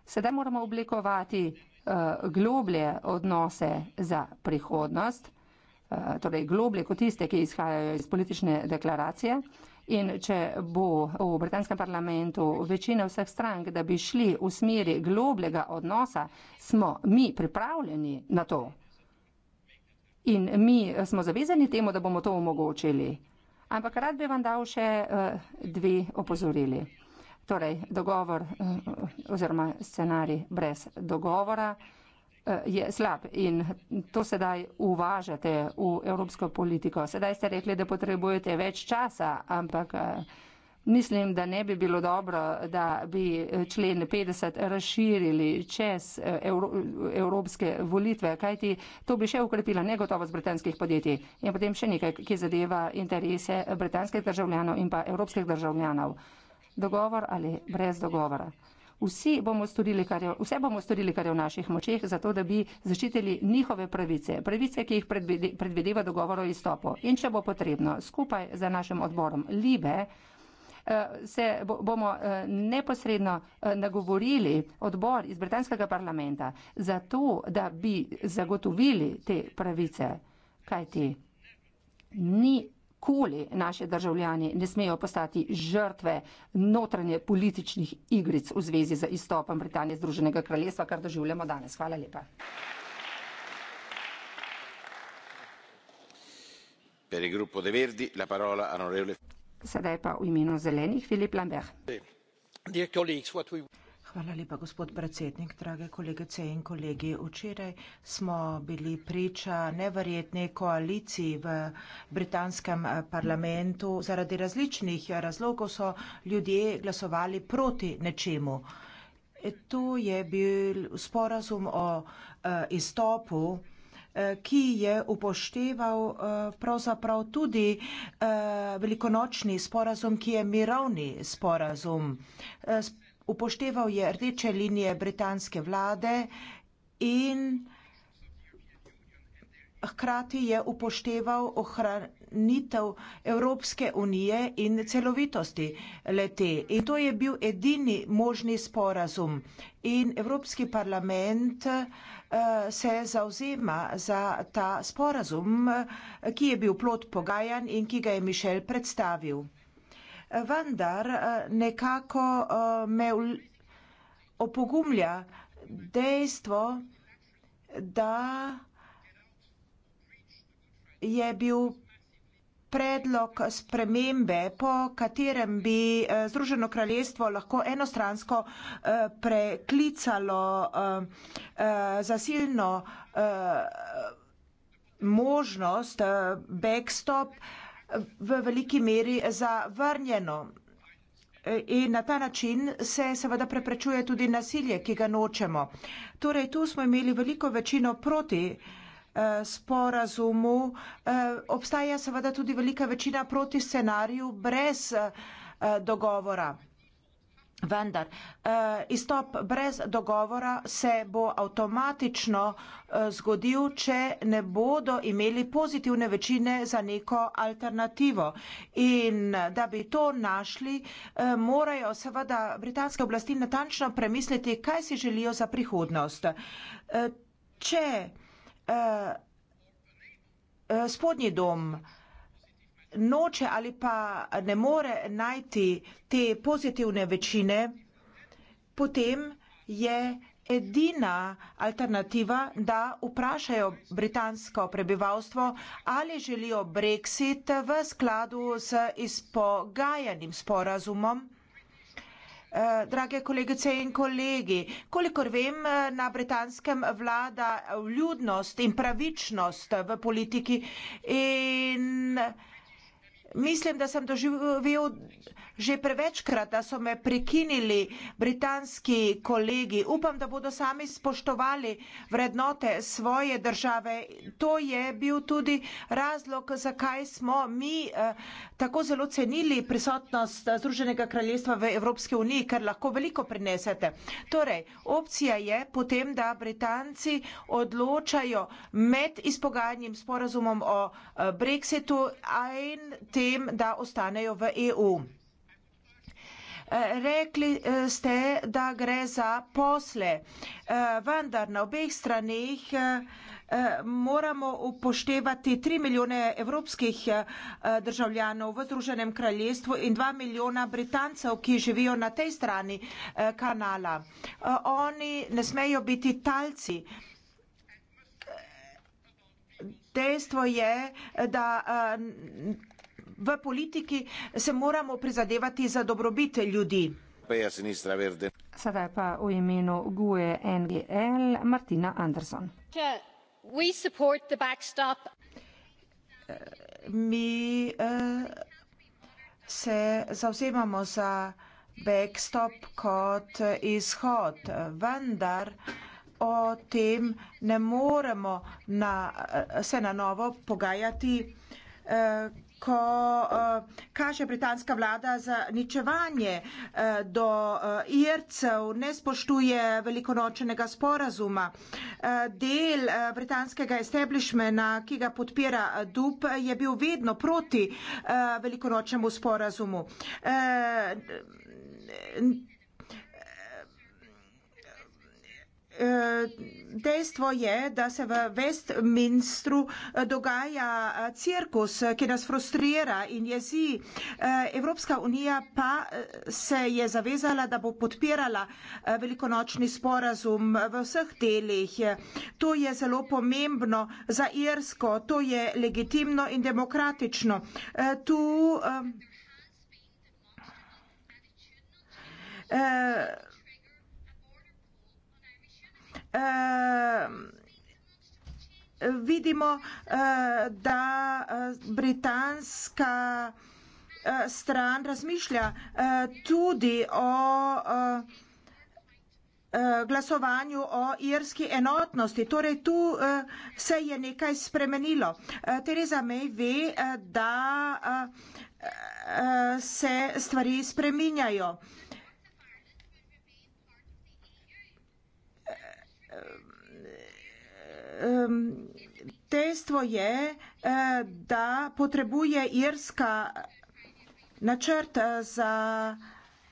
Sedaj moramo oblikovati uh, globlje odnose za prihodnost, uh, torej globlje kot tiste, ki izhajajo iz politične deklaracije. In če bo v britanskem parlamentu večina vseh strank, da bi šli v smeri globljega odnosa, smo mi pripravljeni na to in mi smo zavezani temu, da bomo to omogočili. Ampak rad bi vam dal še eh, dve opozorili. Torej, dogovor eh, oziroma scenarij brez dogovora eh, je slab in to sedaj uvažate v evropsko politiko. Sedaj ste rekli, da potrebujete več časa, ampak. Mislim, da ne bi bilo dobro, da bi eh, člen 50 razširili čez eh, evropske volitve, kajti to bi še ukrepila negotovost britanskih podjetij in potem še nekaj, ki zadeva interese britanskih državljanov in pa evropskih državljanov. Dogovor ali brez dogovora. Vsi bomo storili, kar je, vse bomo storili, kar je v naših močeh, zato da bi zaščitili njihove pravice, pravice, ki jih predvideva dogovor o izstopu. In če bo potrebno, skupaj za našim odborom Libe, Eh, se bomo eh, neposredno eh, nagovorili odbor iz britanskega parlamenta za to, da bi zagotovili te pravice, kajti nikoli naše državljani ne smejo postati žrtve notranje političnih igric v zvezi z izstopom Britanije Združenega kraljestva, kar doživljamo danes. Hvala lepa. Per il gruppo De Verdi la parola onorevole sedaj pa v imenu zelenih Filip Lambert. Hvala lepa, gospod predsednik, drage kolegice in kolegi. Včeraj smo bili priča neverjetni koaliciji v britanskem eh, parlamentu. Zaradi različnih eh, razlogov so ljudje glasovali proti nečemu. E, to je bil sporazum o eh, izstopu. E, Eh, ki je upošteval eh, pravzaprav tudi eh, velikonočni sporazum, ki je mirovni sporazum. Upošteval je rdeče linije britanske vlade in hkrati je upošteval ohranitev Evropske unije in celovitosti lete. In to je bil edini možni sporazum. In Evropski parlament se zauzema za ta sporazum, ki je bil plot pogajanj in ki ga je Mišel predstavil. Vendar eh, nekako eh, me opogumlja dejstvo, da je bil predlog spremembe, po katerem bi eh, Združeno kraljestvo lahko enostransko eh, preklicalo eh, zasilno možnost backstop v veliki meri zavrnjeno. In na ta način se seveda preprečuje tudi nasilje, ki ga nočemo. Torej, tu smo imeli veliko večino proti uh, sporazumu. Eh, obstaja seveda tudi velika večina proti scenariju brez eh, dogovora. Vendar, eh, izstop brez dogovora se bo avtomatično zgodil, če ne bodo imeli pozitivne večine za neko alternativo. In da bi to našli, morajo seveda britanske oblasti natančno premisliti, kaj si želijo za prihodnost. Če Eh, eh, spodnji dom noče ali pa ne more najti te pozitivne večine, potem je edina alternativa, da vprašajo britansko prebivalstvo, ali želijo brexit v skladu z izpogajanim sporazumom. Eh, drage kolegice in kolegi, kolikor vem, eh, na britanskem vlada vljudnost in pravičnost v politiki in mislim, da sem doživel Že prevečkrat so me prekinili britanski kolegi. Upam, da bodo sami spoštovali vrednote svoje države. To je bil tudi razlog, zakaj smo mi eh, tako zelo cenili prisotnost Združenega kraljestva v Evropski uniji, ker lahko veliko prinesete. Torej, opcija je potem, da Britanci odločajo med izpogajanjem sporazumom o eh, Brexitu in tem, da ostanejo v EU rekli eh, ste, da gre za posle, eh, vendar na obeh stranih eh, moramo upoštevati 3 milijone evropskih državljanov v Združenem kraljestvu in 2 milijona Britancev, ki živijo na tej strani kanala. Oni ne smejo biti talci. Dejstvo je, da v politiki se moramo prizadevati za dobrobit ljudi. Sedaj pa v imenu GUE NGL Martina Anderson. Mi uh, se zauzemamo za backstop kot izhod, vendar o tem ne moremo na, eh, se na novo pogajati. Uh, ko uh, kaže britanska vlada za ničevanje uh, eh, do uh, Ircev, ne spoštuje velikonočenega sporazuma. Uh, del uh, britanskega establishmenta, ki ga podpira uh, DUP, je bil vedno proti uh, velikonočnemu sporazumu. Uh, Eh, dejstvo je, da se v Westminstru eh, dogaja eh, cirkus, ki nas frustrira in jezi. Evropska unija pa se je zavezala, da bo podpirala velikonočni sporazum v vseh delih. To je zelo pomembno za Irsko, to je legitimno in demokratično. Tu Uh, Ehm, vidimo, eh, da eh, britanska eh, stran razmišlja tudi o glasovanju o irski enotnosti. Torej, tu se je nekaj spremenilo. Tereza May ve, da se stvari spreminjajo. um, dejstvo je, uh, da potrebuje Irska načrt eh, za,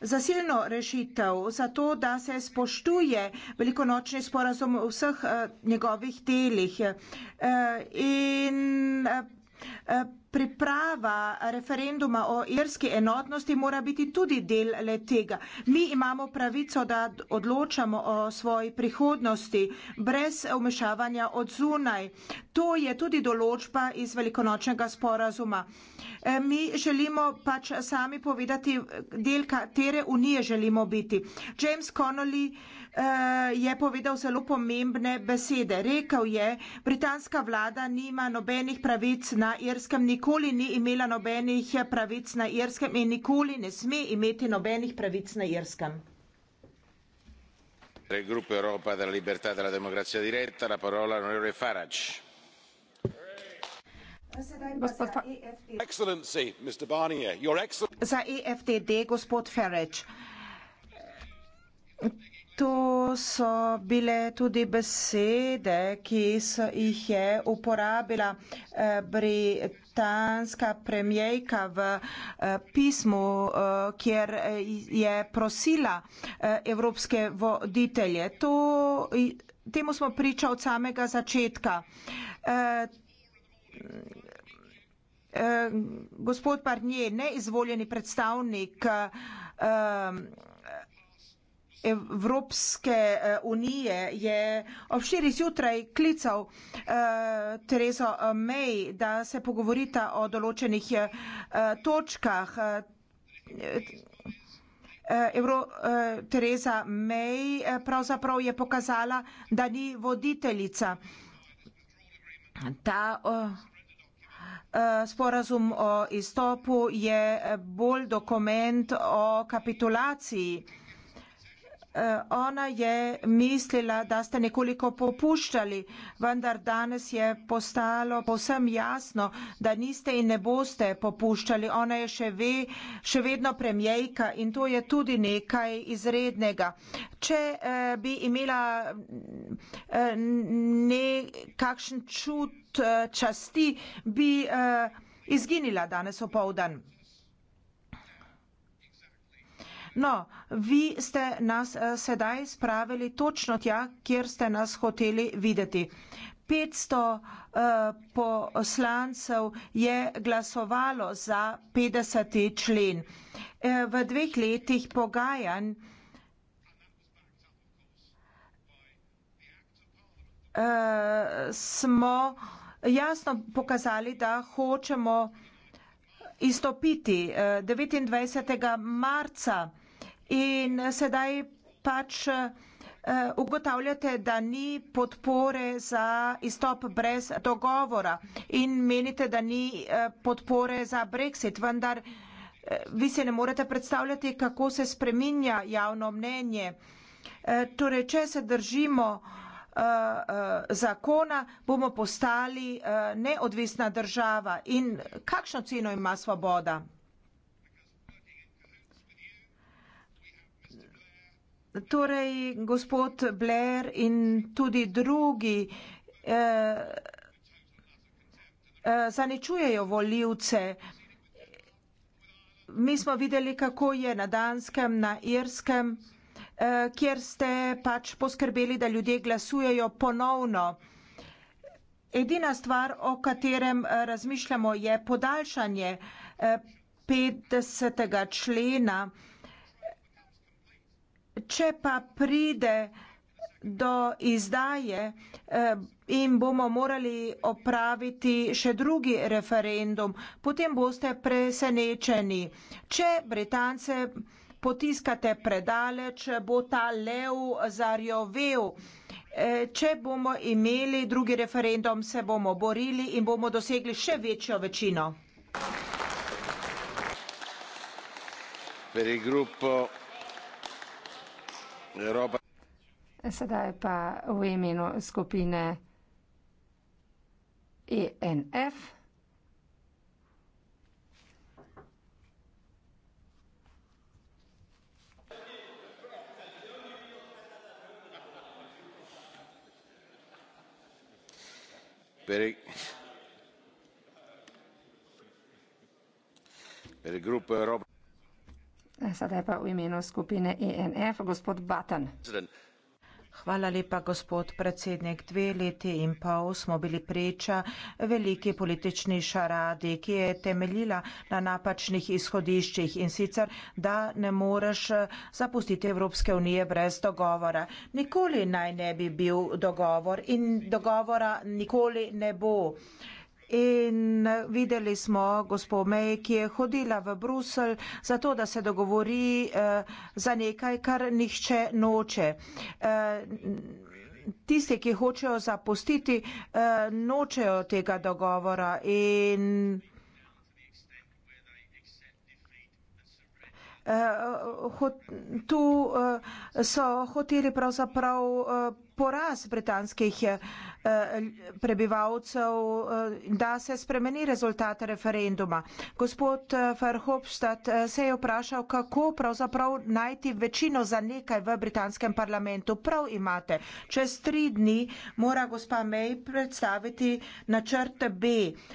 za silno rešitev, za to, da se spoštuje velikonočni sporazum v vseh uh, njegovih delih. Uh, in, uh, priprava referenduma o irski enotnosti mora biti tudi del le tega. Mi imamo pravico, da odločamo o svoji prihodnosti brez vmešavanja od zunaj. To je tudi določba iz velikonočnega sporazuma. E, mi želimo pač sami povedati del, katere unije želimo biti. James Connolly Eh, je povedal zelo pomembne besede. Rekel je, britanska vlada nima nobenih pravic na irskem, nikoli ni imela nobenih pravic na irskem in nikoli ne sme imeti nobenih pravic na irskem. Regrupa Evropa della Libertà e della Democrazia Diretta, la parola onorevole Farage. Za EFTD, gospod Farage. To so bile tudi besede, ki so jih je uporabila eh, britanska premijejka v eh, pismu, eh, kjer je prosila evropske voditelje. To, temu smo priča od samega začetka. Gospod Barnier, neizvoljeni predstavnik Hrvatske, Evropske eh, unije je ob štirih zjutraj klical uh, Terezo eh, May, da se pogovorita o določenih uh, točkah. Uh, Evro, uh, Tereza May pravzaprav je pokazala, da ni voditeljica. Ta uh, uh, sporazum o izstopu je bolj dokument o kapitulaciji. Eh, ona je mislila, da ste nekoliko popuščali, vendar danes je postalo povsem jasno, da niste in ne boste popuščali. Ona je še, ve, še vedno premjejka in to je tudi nekaj izrednega. Če eh, bi imela eh, nekakšen čut eh, časti, bi eh, izginila danes opoldan. No, vi ste nas eh, sedaj spravili točno tja, kjer ste nas hoteli videti. 500 uh, eh, poslancev je glasovalo za 50. člen. Eh, v dveh letih pogajanj uh, smo jasno pokazali, da hočemo izstopiti 29. marca In eh, sedaj pač eh, eh, ugotavljate, da ni podpore za izstop brez dogovora in menite, da ni podpore za Brexit, vendar vi se ne morete predstavljati, kako se spreminja javno mnenje. Torej, če se držimo zakona, bomo postali neodvisna država. In kakšno ceno ima svoboda? Torej, gospod Blair in tudi drugi eh, eh zaničujejo voljivce. Mi smo videli, kako je na Danskem, na Irskem, eh, kjer ste pač poskrbeli, da ljudje glasujejo ponovno. Edina stvar, o katerem eh, razmišljamo, je podaljšanje 50. Eh, člena če pa pride do izdaje eh, in bomo morali opraviti še drugi referendum, potem boste presenečeni. Če Britance potiskate predaleč, bo ta lev zarjovel. Eh, če bomo imeli drugi referendum, se bomo borili in bomo dosegli še večjo večino. Per il gruppo Evropa. Sedaj pa v imenu skupine ENF. Per il, per il gruppo Europa. Sedaj pa v imenu skupine ENF, gospod Batan. Hvala lepa, gospod predsednik. Dve leti in pol smo bili priča veliki politični šaradi, ki je temeljila na napačnih izhodiščih in sicer, da ne moreš zapustiti Evropske unije brez dogovora. Nikoli naj ne bi bil dogovor in dogovora nikoli ne bo in videli smo gospo May, ki je hodila v Brusel zato, da se dogovori eh, za nekaj, kar nihče noče. Eh, tisti, ki hočejo zapustiti, eh, nočejo tega dogovora in tu so hoteli pravzaprav poraz britanskih eh, prebivalcev, eh, da se spremeni rezultate referenduma. Gospod eh, Verhofstadt se je vprašal, kako pravzaprav najti večino za nekaj v britanskem parlamentu. Prav imate. Čez tri dni mora gospa May predstaviti načrt B.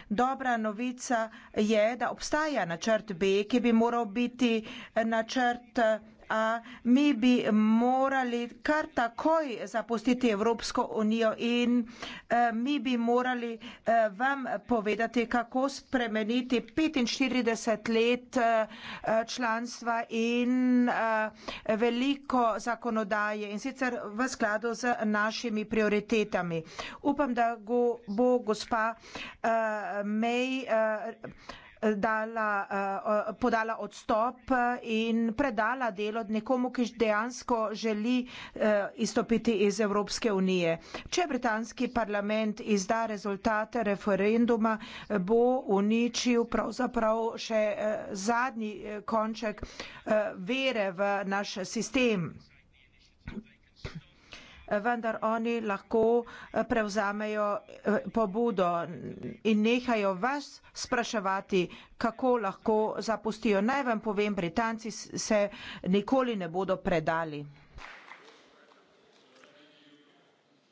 Dobra novica je, da obstaja načrt B, ki bi moral biti načrt a mi bi morali kar takoj zapustiti Evropsko unijo in eh, mi bi morali eh, vam povedati, kako spremeniti 45 let eh, članstva in veliko zakonodaje in sicer v skladu z našimi prioritetami. Upam, da bo gospa May dala, eh, podala odstop eh, in predala delo nekomu, ki dejansko želi eh, izstopiti iz Evropske unije. Če britanski parlament izda rezultate referenduma, bo uničil pravzaprav še zadnji konček vere v naš sistem vendar oni lahko eh, prevzamejo eh, pobudo in nehajo vas spraševati, kako lahko zapustijo. Naj vam povem, Britanci se nikoli ne bodo predali.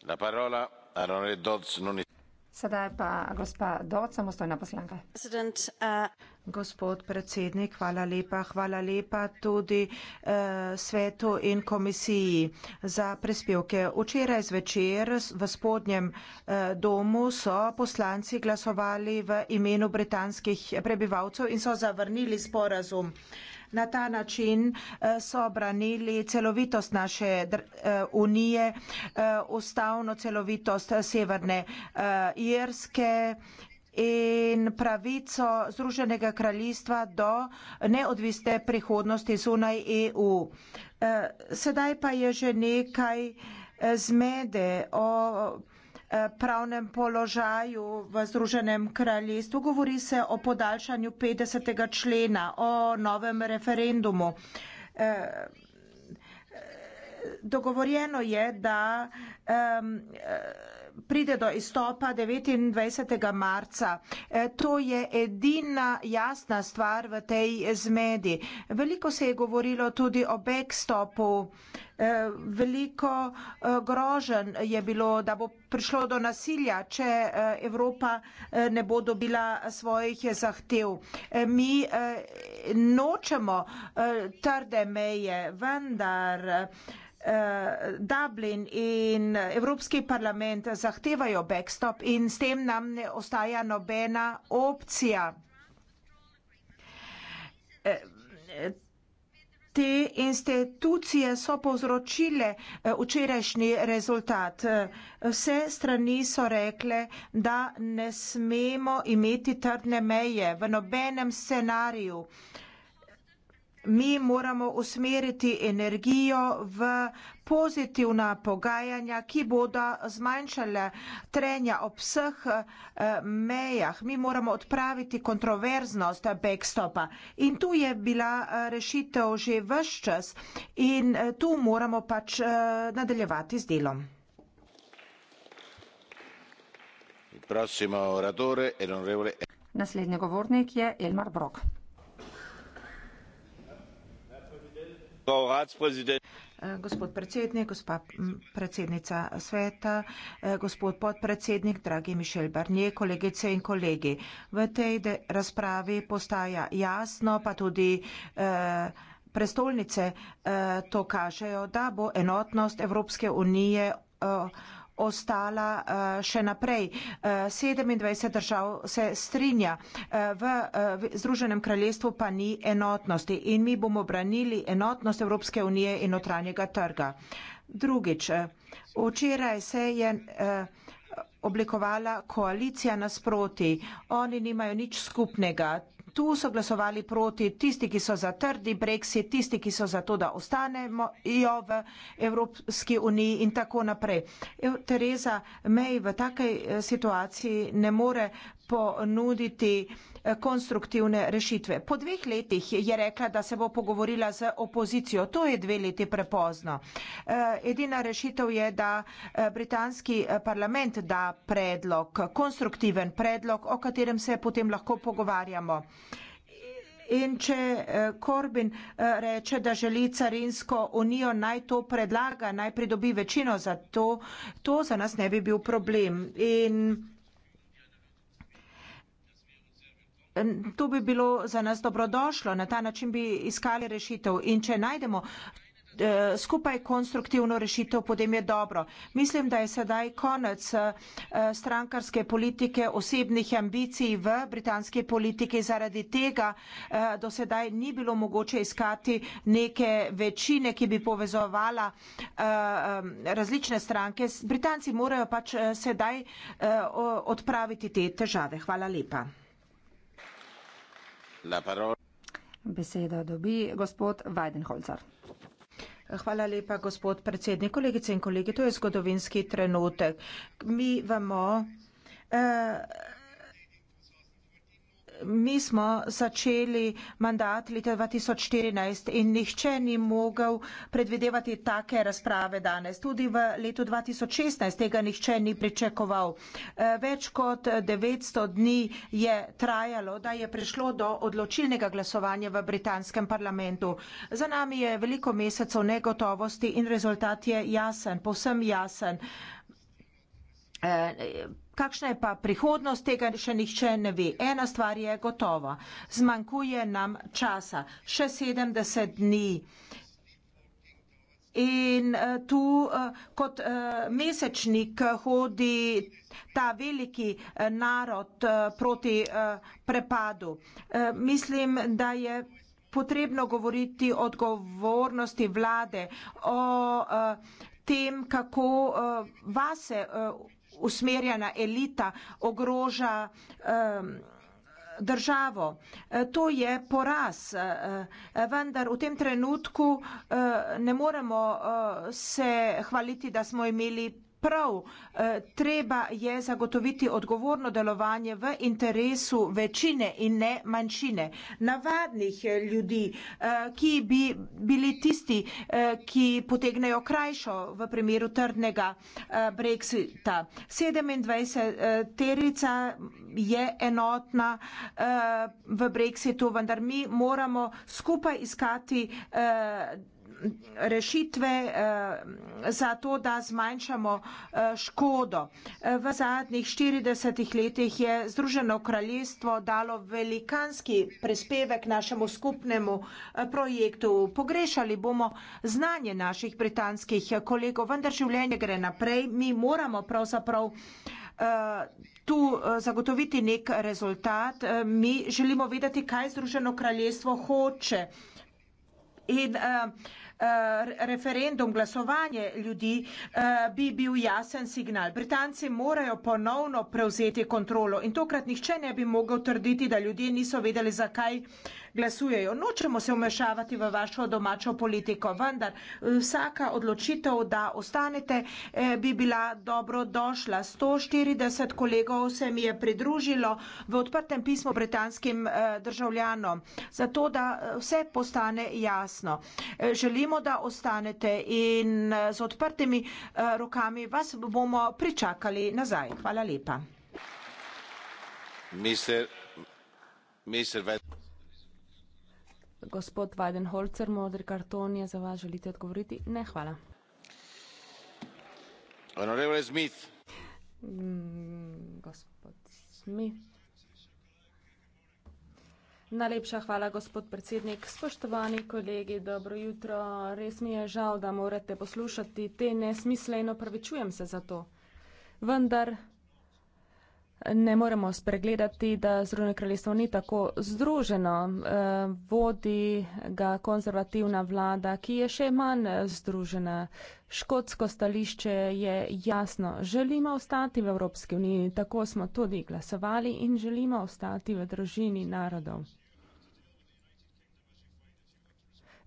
La parola, Sedaj pa gospa Dot, samostojna poslanka. Uh, Gospod predsednik, hvala lepa. Hvala lepa tudi eh, svetu in komisiji za prispevke. Včeraj zvečer v spodnjem eh, domu so poslanci glasovali v imenu britanskih prebivalcev in so zavrnili sporazum. Eh, Na ta način eh, so obranili celovitost naše eh, unije, eh, ustavno celovitost Severne Irske in pravico Združenega kraljestva do neodvisne prihodnosti zunaj EU. Sedaj pa je že nekaj zmede o Eh, pravnem položaju v Združenem kraljestvu. Govori se o podaljšanju 50. člena, o novem referendumu. Eh, dogovorjeno je, da um, pride do izstopa 29. marca. E, to je edina jasna stvar v tej zmedi. Veliko se je govorilo tudi o backstopu. Eh, veliko eh, grožen je bilo, da bo prišlo do nasilja, če eh, Evropa ne bo dobila svojih zahtev. Mi nočemo trde meje, vendar. Dublin in Evropski parlament zahtevajo backstop in s tem nam ne ostaja nobena opcija te institucije so povzročile eh, včerajšnji rezultat. Eh, vse strani so rekle, da ne smemo imeti trdne meje v nobenem scenariju. Mi moramo usmeriti energijo v pozitivna pogajanja, ki bodo zmanjšale trenja ob vseh eh, mejah. Mi moramo odpraviti kontroverznost backstopa. In tu je bila eh, rešitev že vse čas in eh, tu moramo pač nadaljevati z delom. Naslednji govornik je Elmar Brok. Eh, gospod predsednik, gospa predsednica sveta, eh, gospod podpredsednik, dragi Mišel Barnier, kolegice in kolegi. V tej razpravi postaja jasno, pa tudi eh, prestolnice eh, to kažejo, da bo enotnost Evropske unije. Eh, ostala eh, še naprej. 27 eh, držav se strinja, eh, v Združenem kraljestvu pa ni enotnosti in mi bomo branili enotnost Evropske unije in notranjega trga. Drugič, včeraj se je oblikovala koalicija nasproti, oni nimajo nič skupnega, tu so glasovali proti tisti, ki so za trdi brexit, tisti, ki so za to, da ostanemo v Evropski uniji in tako naprej. Tereza May v takej eh, situaciji ne more ponuditi konstruktivne rešitve. Po dveh letih je rekla, da se bo pogovorila z opozicijo. To je dve leti prepozno. Eh, edina rešitev je, da eh, britanski eh, parlament da predlog, konstruktiven predlog, o katerem se potem lahko pogovarjamo. In če Korbin reče, da želi carinsko unijo, naj to predlaga, naj pridobi večino za to, to za nas ne bi bil problem. In To bi bilo za nas dobrodošlo, na ta način bi iskali rešitev in če najdemo eh, skupaj konstruktivno rešitev, potem je dobro. Mislim, da je sedaj konec eh, strankarske politike osebnih ambicij v britanski politiki, zaradi tega eh, do sedaj ni bilo mogoče iskati neke večine, ki bi povezovala različne stranke. Britanci morajo pač sedaj odpraviti te težave. Hvala lepa. Besedo dobi gospod Weidenholzer. Hvala lepa, gospod predsednik. Kolegice in kolegi, to je zgodovinski trenutek. Mi vemo, eh, mi smo začeli mandat leta 2014 in nihče ni mogel predvidevati take razprave danes. Tudi v letu 2016 tega nihče ni pričakoval. Eh, več kot 900 dni je trajalo, da je prišlo do odločilnega glasovanja v britanskem parlamentu. Za nami je veliko mesecev negotovosti in rezultat je jasen, povsem jasen. Eh, Kakšna je pa prihodnost, tega še nihče ne ve. Ena stvar je gotova. Zmanjkuje nam časa. Še 70 dni. In uh, tu uh, kot uh, mesečnik hodi ta veliki uh, narod uh, proti uh, prepadu. Uh, mislim, da je potrebno govoriti o odgovornosti vlade, o uh, tem, kako uh, vase. Uh, usmerjena elita ogroža državo. E, to je poraz, e, e, vendar v tem trenutku ne moremo se hvaliti, da smo imeli prav, eh, treba je zagotoviti odgovorno delovanje v interesu večine in ne manjšine, navadnih eh, ljudi, eh, ki bi bili tisti, ki potegnejo krajšo v primeru trdnega Brexita. 27 terica je enotna v Brexitu, vendar mi moramo skupaj iskati rešitve eh, za to, da zmanjšamo eh, škodo. Eh, v zadnjih 40 letih je Združeno kraljestvo dalo velikanski prispevek našemu skupnemu projektu. Pogrešali bomo znanje naših britanskih kolegov, vendar življenje gre naprej. Mi moramo pravzaprav tu zagotoviti nek rezultat. Mi želimo vedeti, kaj Združeno kraljestvo hoče. In uh, Eh, referendum, glasovanje ljudi, eh, bi bil jasen signal. Britanci morajo ponovno prevzeti kontrolo in tokrat nihče ne bi mogel trditi, da ljudje niso vedeli, zakaj glasujejo. Nočemo se vmešavati v vašo domačo politiko, vendar eh, vsaka odločitev, da ostanete, eh, bi bila dobro došla. 140 kolegov se mi je pridružilo v odprtem pismu britanskim eh, državljanom, zato da vse postane jasno. Želimo, da ostanete in z odprtimi rokami vas bomo pričakali nazaj. Hvala lepa. Mister, mister, Gospod Weidenholzer, modri karton je za vas, želite odgovoriti? Ne, hvala. Honorable Smith. Mm, gospod Smith. Najlepša hvala, gospod predsednik. Spoštovani kolegi, dobro jutro. Res mi je žal, da morate poslušati te nesmisle in opravičujem se za to. Vendar ne moremo spregledati, da Združeno kraljestvo ni tako združeno. Eh, vodi ga konzervativna vlada, ki je še manj eh, združena. Škotsko stališče je jasno. Želimo ostati v Evropski uniji. Tako smo tudi glasovali in želimo ostati v družini narodov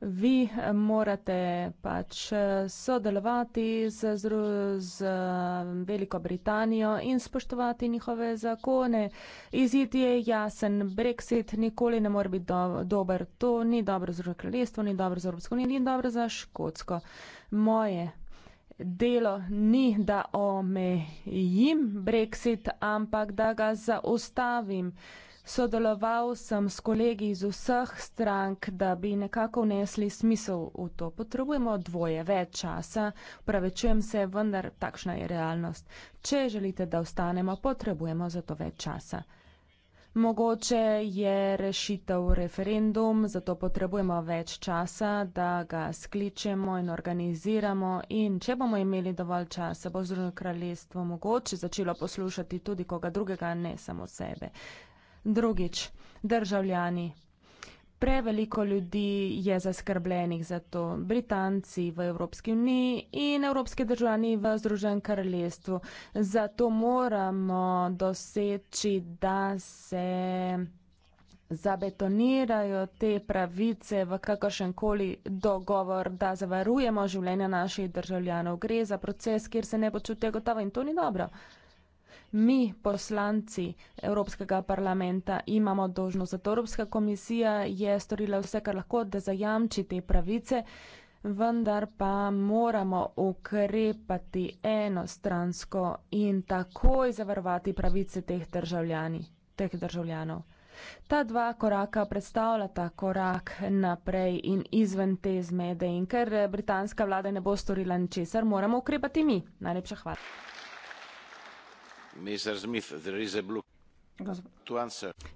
vi eh, morate pač eh, sodelovati z, z, z eh, Veliko Britanijo in spoštovati njihove zakone. Izid je jasen, Brexit nikoli ne more biti do, dober. To ni dobro za kraljestvo, ni dobro za Evropsko unijo, ni dobro za Škotsko. Moje delo ni, da omejim Brexit, ampak da ga zaustavim sodeloval sem s kolegi iz vseh strank, da bi nekako vnesli smisel v to. Potrebujemo dvoje, več časa, pravečujem se, vendar takšna je realnost. Če želite, da ostanemo, potrebujemo za to več časa. Mogoče je rešitev referendum, zato potrebujemo več časa, da ga skličemo in organiziramo in če bomo imeli dovolj časa, bo zrno kraljestvo mogoče začelo poslušati tudi koga drugega, ne samo sebe. Drugič, državljani. Preveliko ljudi je zaskrbljenih za to. Britanci v Evropski uniji in evropski državljani v Združenem kraljestvu. Zato moramo doseči, da se zabetonirajo te pravice v kakršen koli dogovor, da zavarujemo življenja naših državljanov. Gre za proces, kjer se ne počutijo gotovo in to ni dobro mi, poslanci Evropskega parlamenta, imamo dožnost. Zato Evropska komisija je storila vse, kar lahko, da zajamči te pravice, vendar pa moramo ukrepati enostransko in takoj zavarovati pravice teh, teh državljanov. Ta dva koraka predstavljata korak naprej in izven te zmede in ker britanska vlada ne bo storila ničesar, moramo ukrepati mi. Najlepša hvala.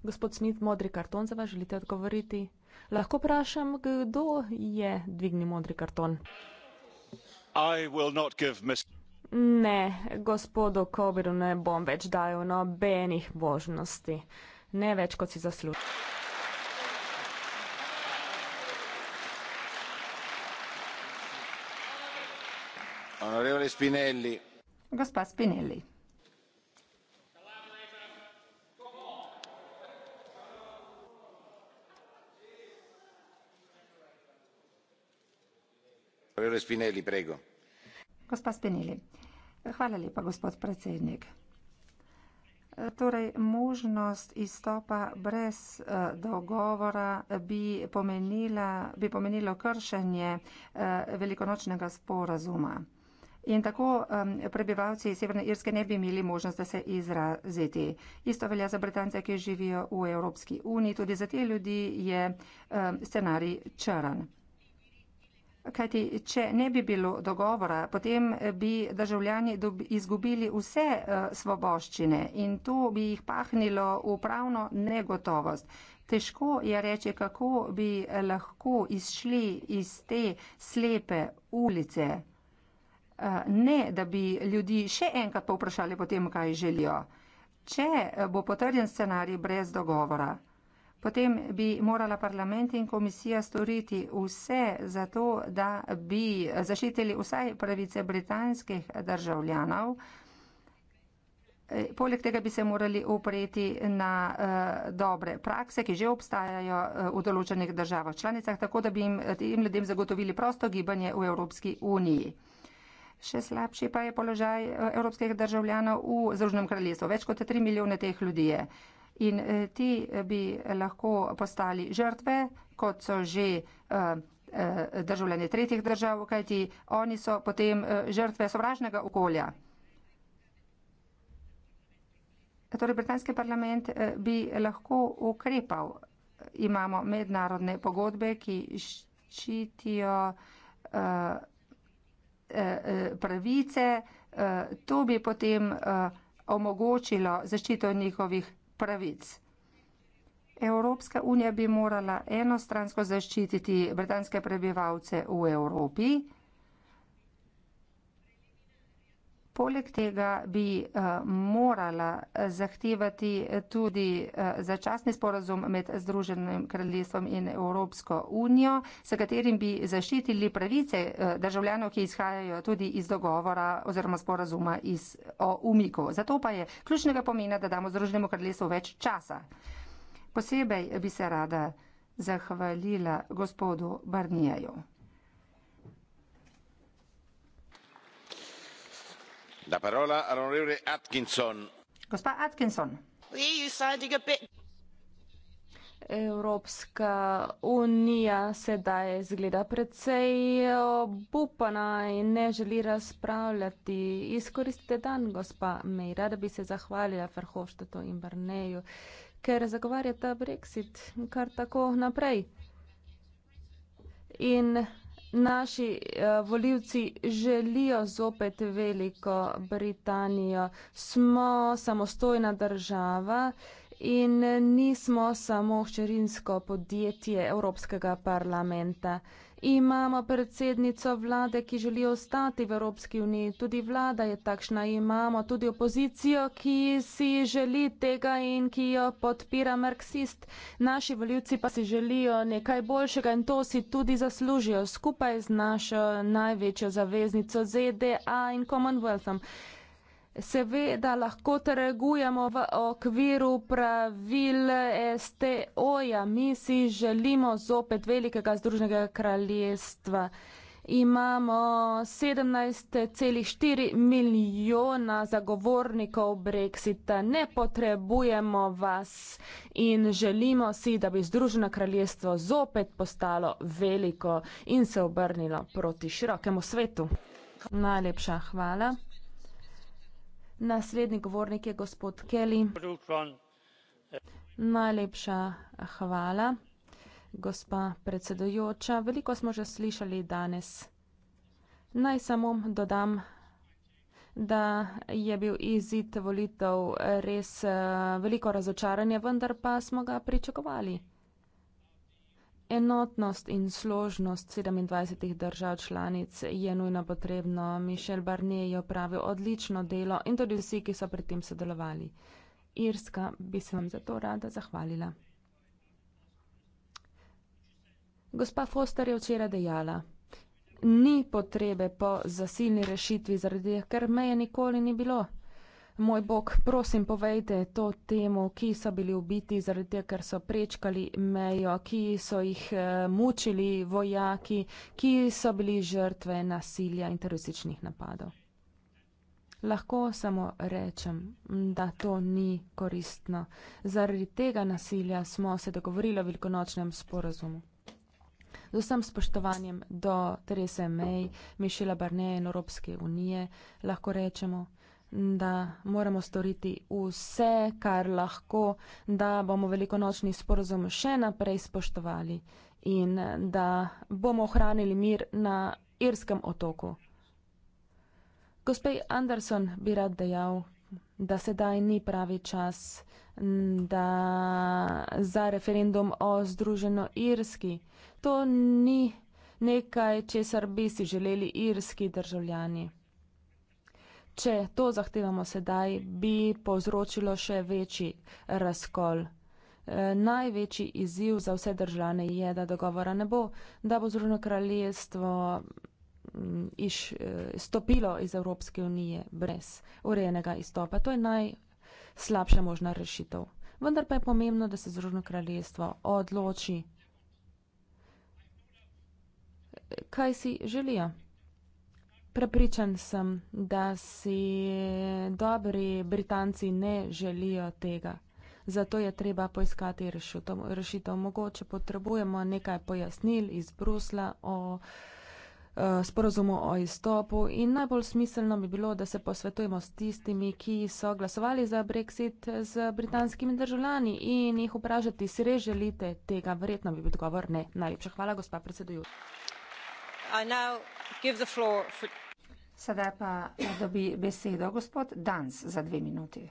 Gospod Smith, modri karton za vas, želite odgovoriti? Lahko vprašam, kdo je dvignil modri karton? Ne, gospodu Kobiru ne bom več dajal nobenih možnosti. Ne več, kot si zasluži. Gospa Spinelli. Hvala lepa, gospod predsednik. Torej možnost izstopa brez eh, dogovora bi, pomenila, bi pomenilo kršenje eh, velikonočnega sporazuma. In tako um, prebivalci Severne Irske ne bi imeli možnost, da se izraziti. Isto velja za Britance, ki živijo v Evropski uniji. Tudi za te ljudi je um, scenarij črn. Kajti, če ne bi bilo dogovora, potem bi državljani dobi, izgubili vse eh, svoboščine in to bi jih pahnilo v pravno negotovost. Težko je reči, kako bi lahko izšli iz te slepe ulice, eh, ne da bi ljudi še enkrat povprašali potem, kaj želijo. Če eh, bo potrjen scenarij brez dogovora, potem bi morala parlament in komisija storiti vse za to, da bi zaščitili vsaj pravice britanskih državljanov. Eh, poleg tega bi se morali upreti na uh, dobre prakse, ki že obstajajo uh, v določenih državah članicah, tako da bi jim, tem ljudem zagotovili prosto gibanje v Evropski uniji. Še slabši pa je položaj uh, evropskih državljanov v Združenem kraljestvu. Več kot tri milijone teh ljudi je. Uh, in eh, ti eh, bi lahko postali žrtve, kot so že eh, državljani tretjih držav, kajti oni so potem žrtve sovražnega okolja. Torej, britanski parlament bi lahko ukrepal. Imamo mednarodne pogodbe, ki ščitijo pravice, to bi potem omogočilo zaščito njihovih pravic. Evropska unija bi morala enostransko zaščititi britanske prebivalce v Evropi, Poleg tega bi eh, morala zahtevati tudi eh, začasni sporazum med Združenim kraljestvom in Evropsko unijo, s katerim bi zaščitili pravice eh, državljanov, ki izhajajo tudi iz dogovora oziroma sporazuma iz, o umiku. Zato pa je ključnega pomena, da damo Združenemu kraljestvu več časa. Posebej bi se rada zahvalila gospodu Barnijaju. la parola all'onorevole atkinson gospa atkinson Evropska unija sedaj zgleda precej obupana in ne želi razpravljati. Izkoristite dan, gospa May, rada bi se zahvalila Ferhoštetu in Brneju, ker zagovarjata Brexit kar tako naprej. In naši uh, eh, voljivci želijo zopet Veliko Britanijo. Smo samostojna država in nismo samo hčerinsko podjetje Evropskega parlamenta. Uh, Imamo predsednico vlade, ki želi ostati v Evropski uniji, tudi vlada je takšna. Imamo tudi opozicijo, ki si želi tega in ki jo podpira marksist. Naši voljivci pa si želijo nekaj boljšega in to si tudi zaslužijo skupaj z našo največjo zaveznico ZDA in Commonwealthom seveda lahko tregujemo v okviru pravil STO-ja. Mi si želimo zopet velikega združnega kraljestva. Imamo 17,4 milijona zagovornikov Brexita. Ne potrebujemo vas in želimo si, da bi Združeno kraljestvo zopet postalo veliko in se obrnilo proti širokemu svetu. Najlepša hvala. Naslednji govornik je gospod Kelly. Najlepša hvala, gospa predsedujoča. Veliko smo že slišali danes. Naj samo dodam, da je bil izid volitev res eh, veliko razočaranje, vendar pa smo ga pričakovali. Enotnost in složnost 27 držav članic je nujno potrebno. Mišel Barnier je opravil odlično delo in tudi vsi, ki so pri tem sodelovali. Irska bi se vam zato rada zahvalila. Gospa Foster je včeraj dejala, ni potrebe po zasilni rešitvi, zaradi ker meje nikoli ni bilo. Moj bog, prosim, povejte to temu, ki so bili ubiti zaradi tega, ker so prečkali mejo, ki so jih eh, mučili vojaki, ki so bili žrtve nasilja in terorističnih napadov. Lahko samo rečem, da to ni koristno. Zaradi tega nasilja smo se dogovorili o velikonočnem sporazumu. Z vsem spoštovanjem do Terese May, Mišela Barneja in Evropske unije lahko rečemo, da moramo storiti vse, kar lahko, da bomo velikonočni sporozum še naprej spoštovali in da bomo ohranili mir na Irskem otoku. Gospej Anderson bi rad dejal, da sedaj ni pravi čas da za referendum o Združeno Irski. To ni nekaj, česar bi si želeli irski državljani. Če to zahtevamo sedaj, bi povzročilo še večji razkol. E, največji izziv za vse državljane je, da dogovora ne bo, da bo Združeno kraljestvo iš, e, stopilo iz Evropske unije brez urejenega izstopa. To je najslabša možna rešitev. Vendar pa je pomembno, da se Združeno kraljestvo odloči, kaj si želijo. Prepričan sem, da si dobri Britanci ne želijo tega. Zato je treba poiskati rešitev. rešitev. Mogoče potrebujemo nekaj pojasnil iz Brusla o e, sporozumu o izstopu in najbolj smiselno bi bilo, da se posvetujemo s tistimi, ki so glasovali za brexit z britanskimi državljani in jih vprašati, si res želite tega, verjetno bi bil odgovor ne. Najlepša hvala, gospa predsedujoča. Sedaj pa dobi besedo gospod Danc za dve minuti.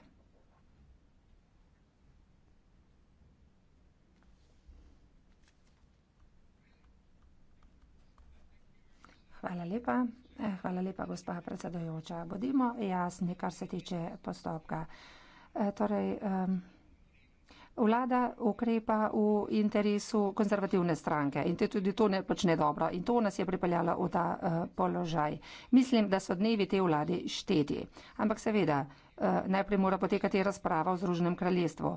Hvala lepa. Eh, hvala lepa, gospa predsedojoča. Bodimo jasni, kar se tiče postopka. Eh, torej, um vlada ukrepa v interesu konzervativne stranke in te tudi to ne počne dobro in to nas je pripeljalo v ta uh, položaj. Mislim, da so dnevi te vlade šteti, ampak seveda uh, najprej mora potekati razprava v Združenem kraljestvu.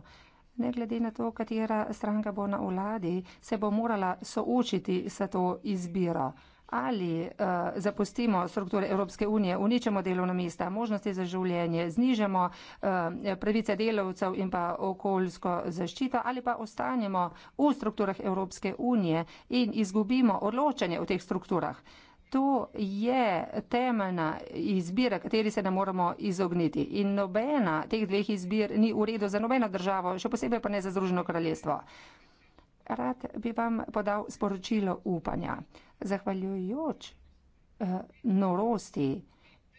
Ne glede na to, katera stranka bo na vladi, se bo morala soočiti s to izbiro ali uh, zapustimo strukture Evropske unije, uničemo delovna mesta, možnosti za življenje, znižamo uh, pravice delovcev in pa okoljsko zaščito ali pa ostanemo v strukturah Evropske unije in izgubimo odločanje v teh strukturah. To je temeljna izbira, kateri se ne moramo izogniti. In nobena teh dveh izbir ni v redu za nobeno državo, še posebej pa ne za Združeno kraljestvo. Rad bi vam podal sporočilo upanja zahvaljujoč eh, norosti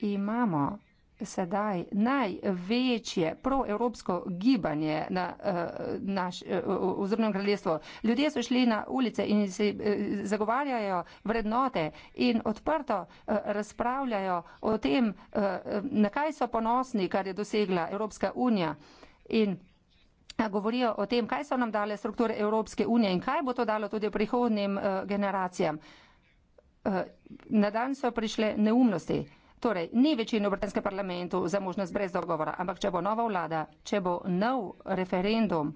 imamo sedaj največje proevropsko gibanje na eh, naš ozornem eh, kraljestvu. Ljudje so šli na ulice in si eh, zagovarjajo vrednote in odprto eh, razpravljajo o tem, eh, na kaj so ponosni, kar je dosegla Evropska unija. In eh, govorijo o tem, kaj so nam dale strukture Evropske unije in kaj bo to dalo tudi prihodnim uh, generacijam. Uh, Eh, na dan so prišle neumnosti. Torej, ni večine v britanskem parlamentu za možnost brez dogovora, ampak če bo nova vlada, če bo nov referendum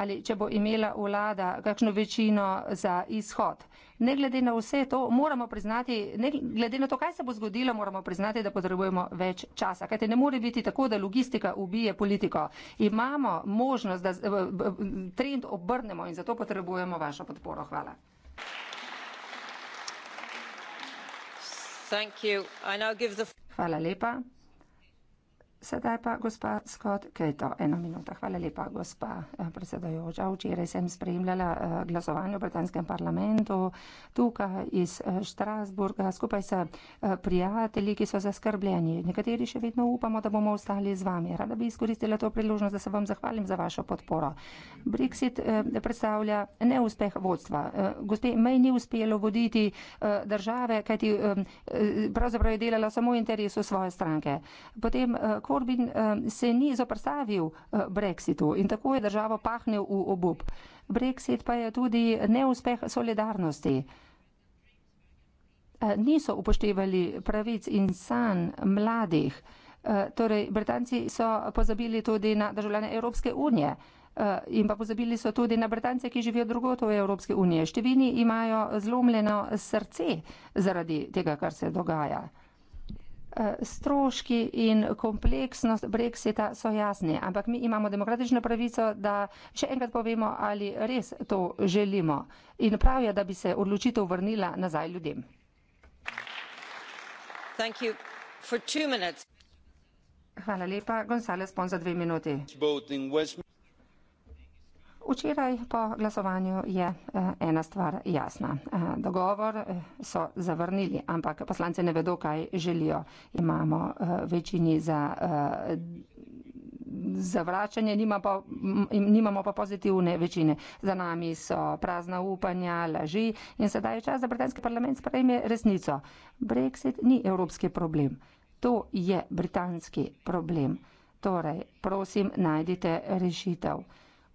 ali če bo imela vlada kakšno večino za izhod. Ne glede na vse to, moramo priznati, ne glede na to, kaj se bo zgodilo, moramo priznati, da potrebujemo več časa. Kajte ne more biti tako, da logistika ubije politiko. Imamo možnost, da trend obrnemo in zato potrebujemo vašo podporo. Hvala. hvala lepa. Sedaj pa gospa Scott Keto, eno minuto. Hvala lepa, gospa eh, predsedojoča. Včeraj sem spremljala eh, glasovanje v britanskem parlamentu tukaj iz eh, Štrasburga skupaj s prijatelji, ki so zaskrbljeni. Nekateri še vedno upamo, da bomo ostali z vami. Rada bi izkoristila to priložnost, da se vam zahvalim za vašo podporo. Brexit predstavlja neuspeh vodstva. Gospe, mej ni uspelo voditi države, kajti pravzaprav je delala samo interesu svoje stranke. Potem, Corbyn eh, se ni zoprstavil eh, brexitu in tako je državo pahnil v obup. Brexit pa je tudi neuspeh solidarnosti. Eh, niso upoštevali pravic in san mladih. Torej, Britanci so pozabili tudi na državljane Evropske unije in pa pozabili so tudi na Britance, ki živijo drugot v Evropske unije. Števini imajo zlomljeno srce zaradi tega, kar se dogaja. Eh, stroški in kompleksnost brexita so jasni, ampak mi imamo demokratično pravico, da še enkrat povemo, ali res to želimo. In prav je, da bi se odločitev vrnila nazaj ljudem. Hvala lepa, Gonzales Pon za dve minuti. Včeraj po glasovanju je eh, ena stvar jasna. Eh, dogovor eh, so zavrnili, ampak poslanci ne vedo, kaj želijo. Imamo večini za zavračanje, nima pa, nimamo pa pozitivne večine. Za nami so prazna upanja, laži in sedaj je čas, da britanski parlament sprejme resnico. Brexit ni evropski problem. To je britanski problem. Torej, prosim, najdite rešitev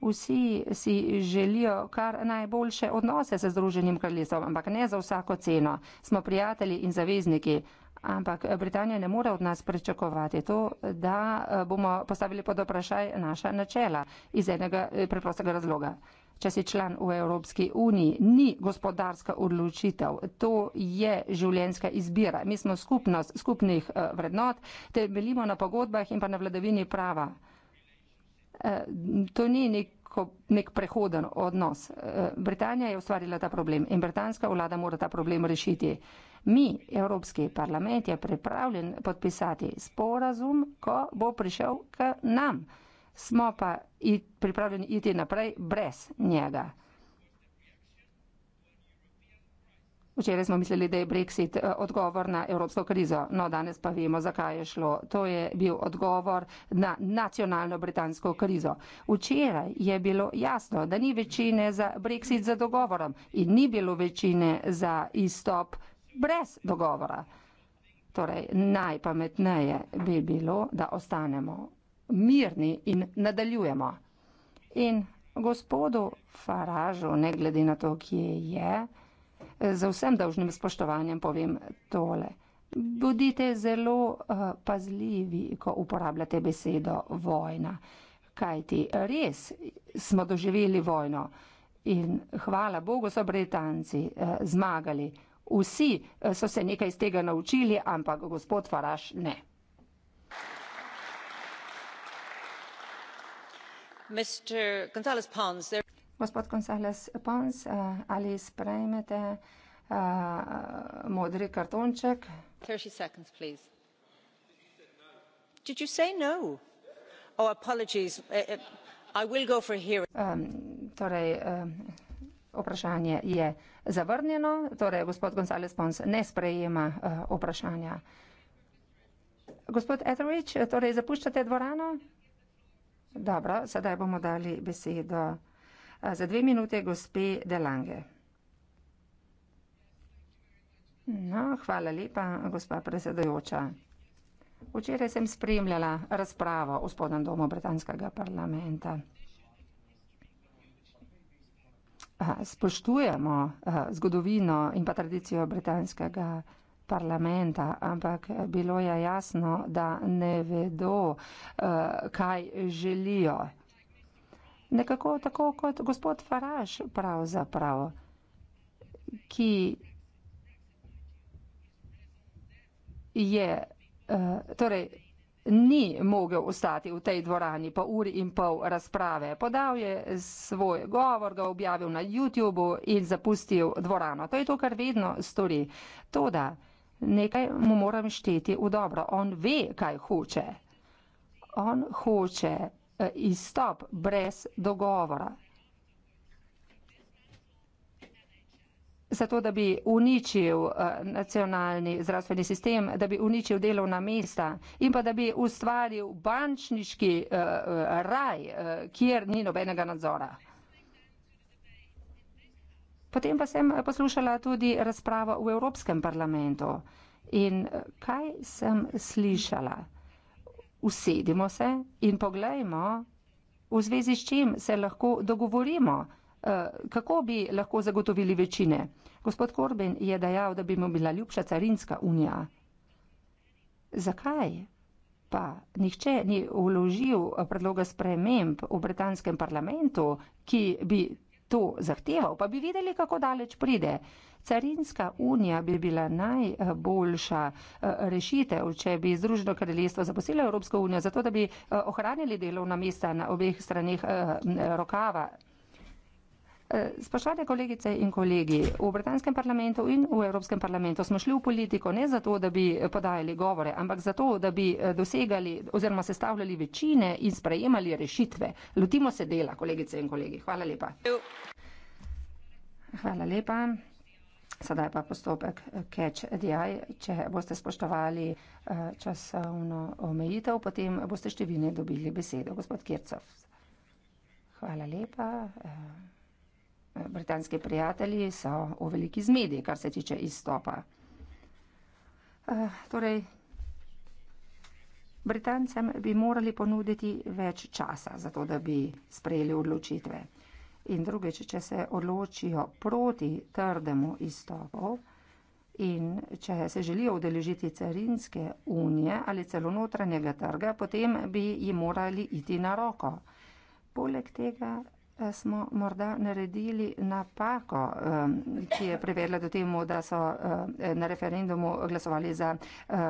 vsi si želijo kar najboljše odnose se Združenim kraljestvom, ampak ne za vsako ceno. Smo prijatelji in zavezniki. Ampak Britanija ne more od nas pričakovati to, da eh, bomo postavili pod vprašaj naša načela iz enega eh, preprostega razloga. Če si član v Evropski uniji, ni gospodarska odločitev, to je življenska izbira. Mi smo skupnost skupnih eh, vrednot, temeljimo na pogodbah in pa na vladavini prava. To ni nek nekako nek prehoden odnos. Eh, Britanija je ustvarila ta problem in britanska vlada mora ta problem rešiti. Mi, Evropski parlament, je pripravljen podpisati sporazum, ko bo prišel k nam. Smo pa pripravljeni iti naprej brez njega. Včeraj smo mislili, da je Brexit eh, odgovor na evropsko krizo, no danes pa vemo, zakaj je šlo. To je bil odgovor na nacionalno britansko krizo. Včeraj je bilo jasno, da ni večine za Brexit za dogovorom in ni bilo večine za izstop brez dogovora. Torej, najpametneje bi bilo, da ostanemo mirni in nadaljujemo. In gospodu Faražu, ne glede na to, kje je, z vsem dolžnim spoštovanjem povem tole. Bodite zelo eh, pazljivi, ko uporabljate besedo vojna, kajti res smo doživeli vojno in hvala Bogu so Britanci eh, zmagali. Vsi eh, so se nekaj iz tega naučili, ampak gospod Faraš ne. Mr. Gonzalez Pons, there... Gospod Gonzales Pons, eh, ali sprejmete uh, modri kartonček? 30 seconds, please. Did you say no? Oh, apologies. Eh, I will go for a hearing. Um, torej, um, vprašanje je zavrnjeno, torej gospod Gonzales Pons ne sprejema uh, vprašanja. Gospod Etheridge, torej zapuščate dvorano? Dobro, sedaj bomo dali besedo za dve minute gospe Delange. No, hvala lepa, gospa predsedojoča. Včeraj sem spremljala razpravo v spodnjem domu britanskega parlamenta. Spoštujemo zgodovino in pa tradicijo britanskega parlamenta, ampak bilo je jasno, da ne vedo, kaj želijo nekako tako kot gospod Faraž pravzaprav, ki je, eh, torej ni mogel ostati v tej dvorani po uri in pol razprave. Podal je svoj govor, ga objavil na YouTubu in zapustil dvorano. To je to, kar vedno stori. Toda nekaj mu moram šteti v dobro. On ve, kaj hoče. On hoče Eh, izstop brez dogovora. Zato, da bi uničil eh, nacionalni zdravstveni sistem, da bi uničil delovna mesta in pa da bi ustvaril bančniški eh, raj, kjer ni nobenega nadzora. Potem pa sem poslušala tudi razpravo v Evropskem parlamentu. In kaj sem slišala? usedimo se in poglejmo, v zvezi s čim se lahko dogovorimo, eh, kako bi lahko zagotovili večine. Gospod Korbin je dejal, da bi mu bila ljubša carinska unija. Zakaj pa nihče ni uložil predloga sprememb v britanskem parlamentu, ki bi to zahteval, pa bi videli, kako daleč pride. Carinska unija bi bila najboljša eh, rešitev, če bi Združeno kraljestvo zaposlilo Evropsko unijo, zato da bi eh, ohranili delovna mesta na obeh straneh eh, rokava. Eh, spoštovane kolegice in kolegi, v Britanskem parlamentu in v Evropskem parlamentu smo šli v politiko ne zato, da bi podajali govore, ampak zato, da bi eh, dosegali oziroma sestavljali večine in sprejemali rešitve. Lotimo se dela, kolegice in kolegi. Hvala lepa. Hvala lepa. Sedaj pa postopek eh, catch the eye. Če boste spoštovali časovno omejitev, potem boste številne dobili besedo. Gospod Kircov. Hvala lepa britanski prijatelji so v veliki zmedi, kar se tiče izstopa. Eh, torej, Britancem bi morali ponuditi več časa, zato da bi sprejeli odločitve. In drugeč, če se odločijo proti trdemu izstopu in če se želijo udeležiti carinske unije ali celo notranjega trga, potem bi jim morali iti na roko. Poleg tega Eh, smo morda naredili napako, eh, ki je privedla do temu, da so eh, na referendumu glasovali za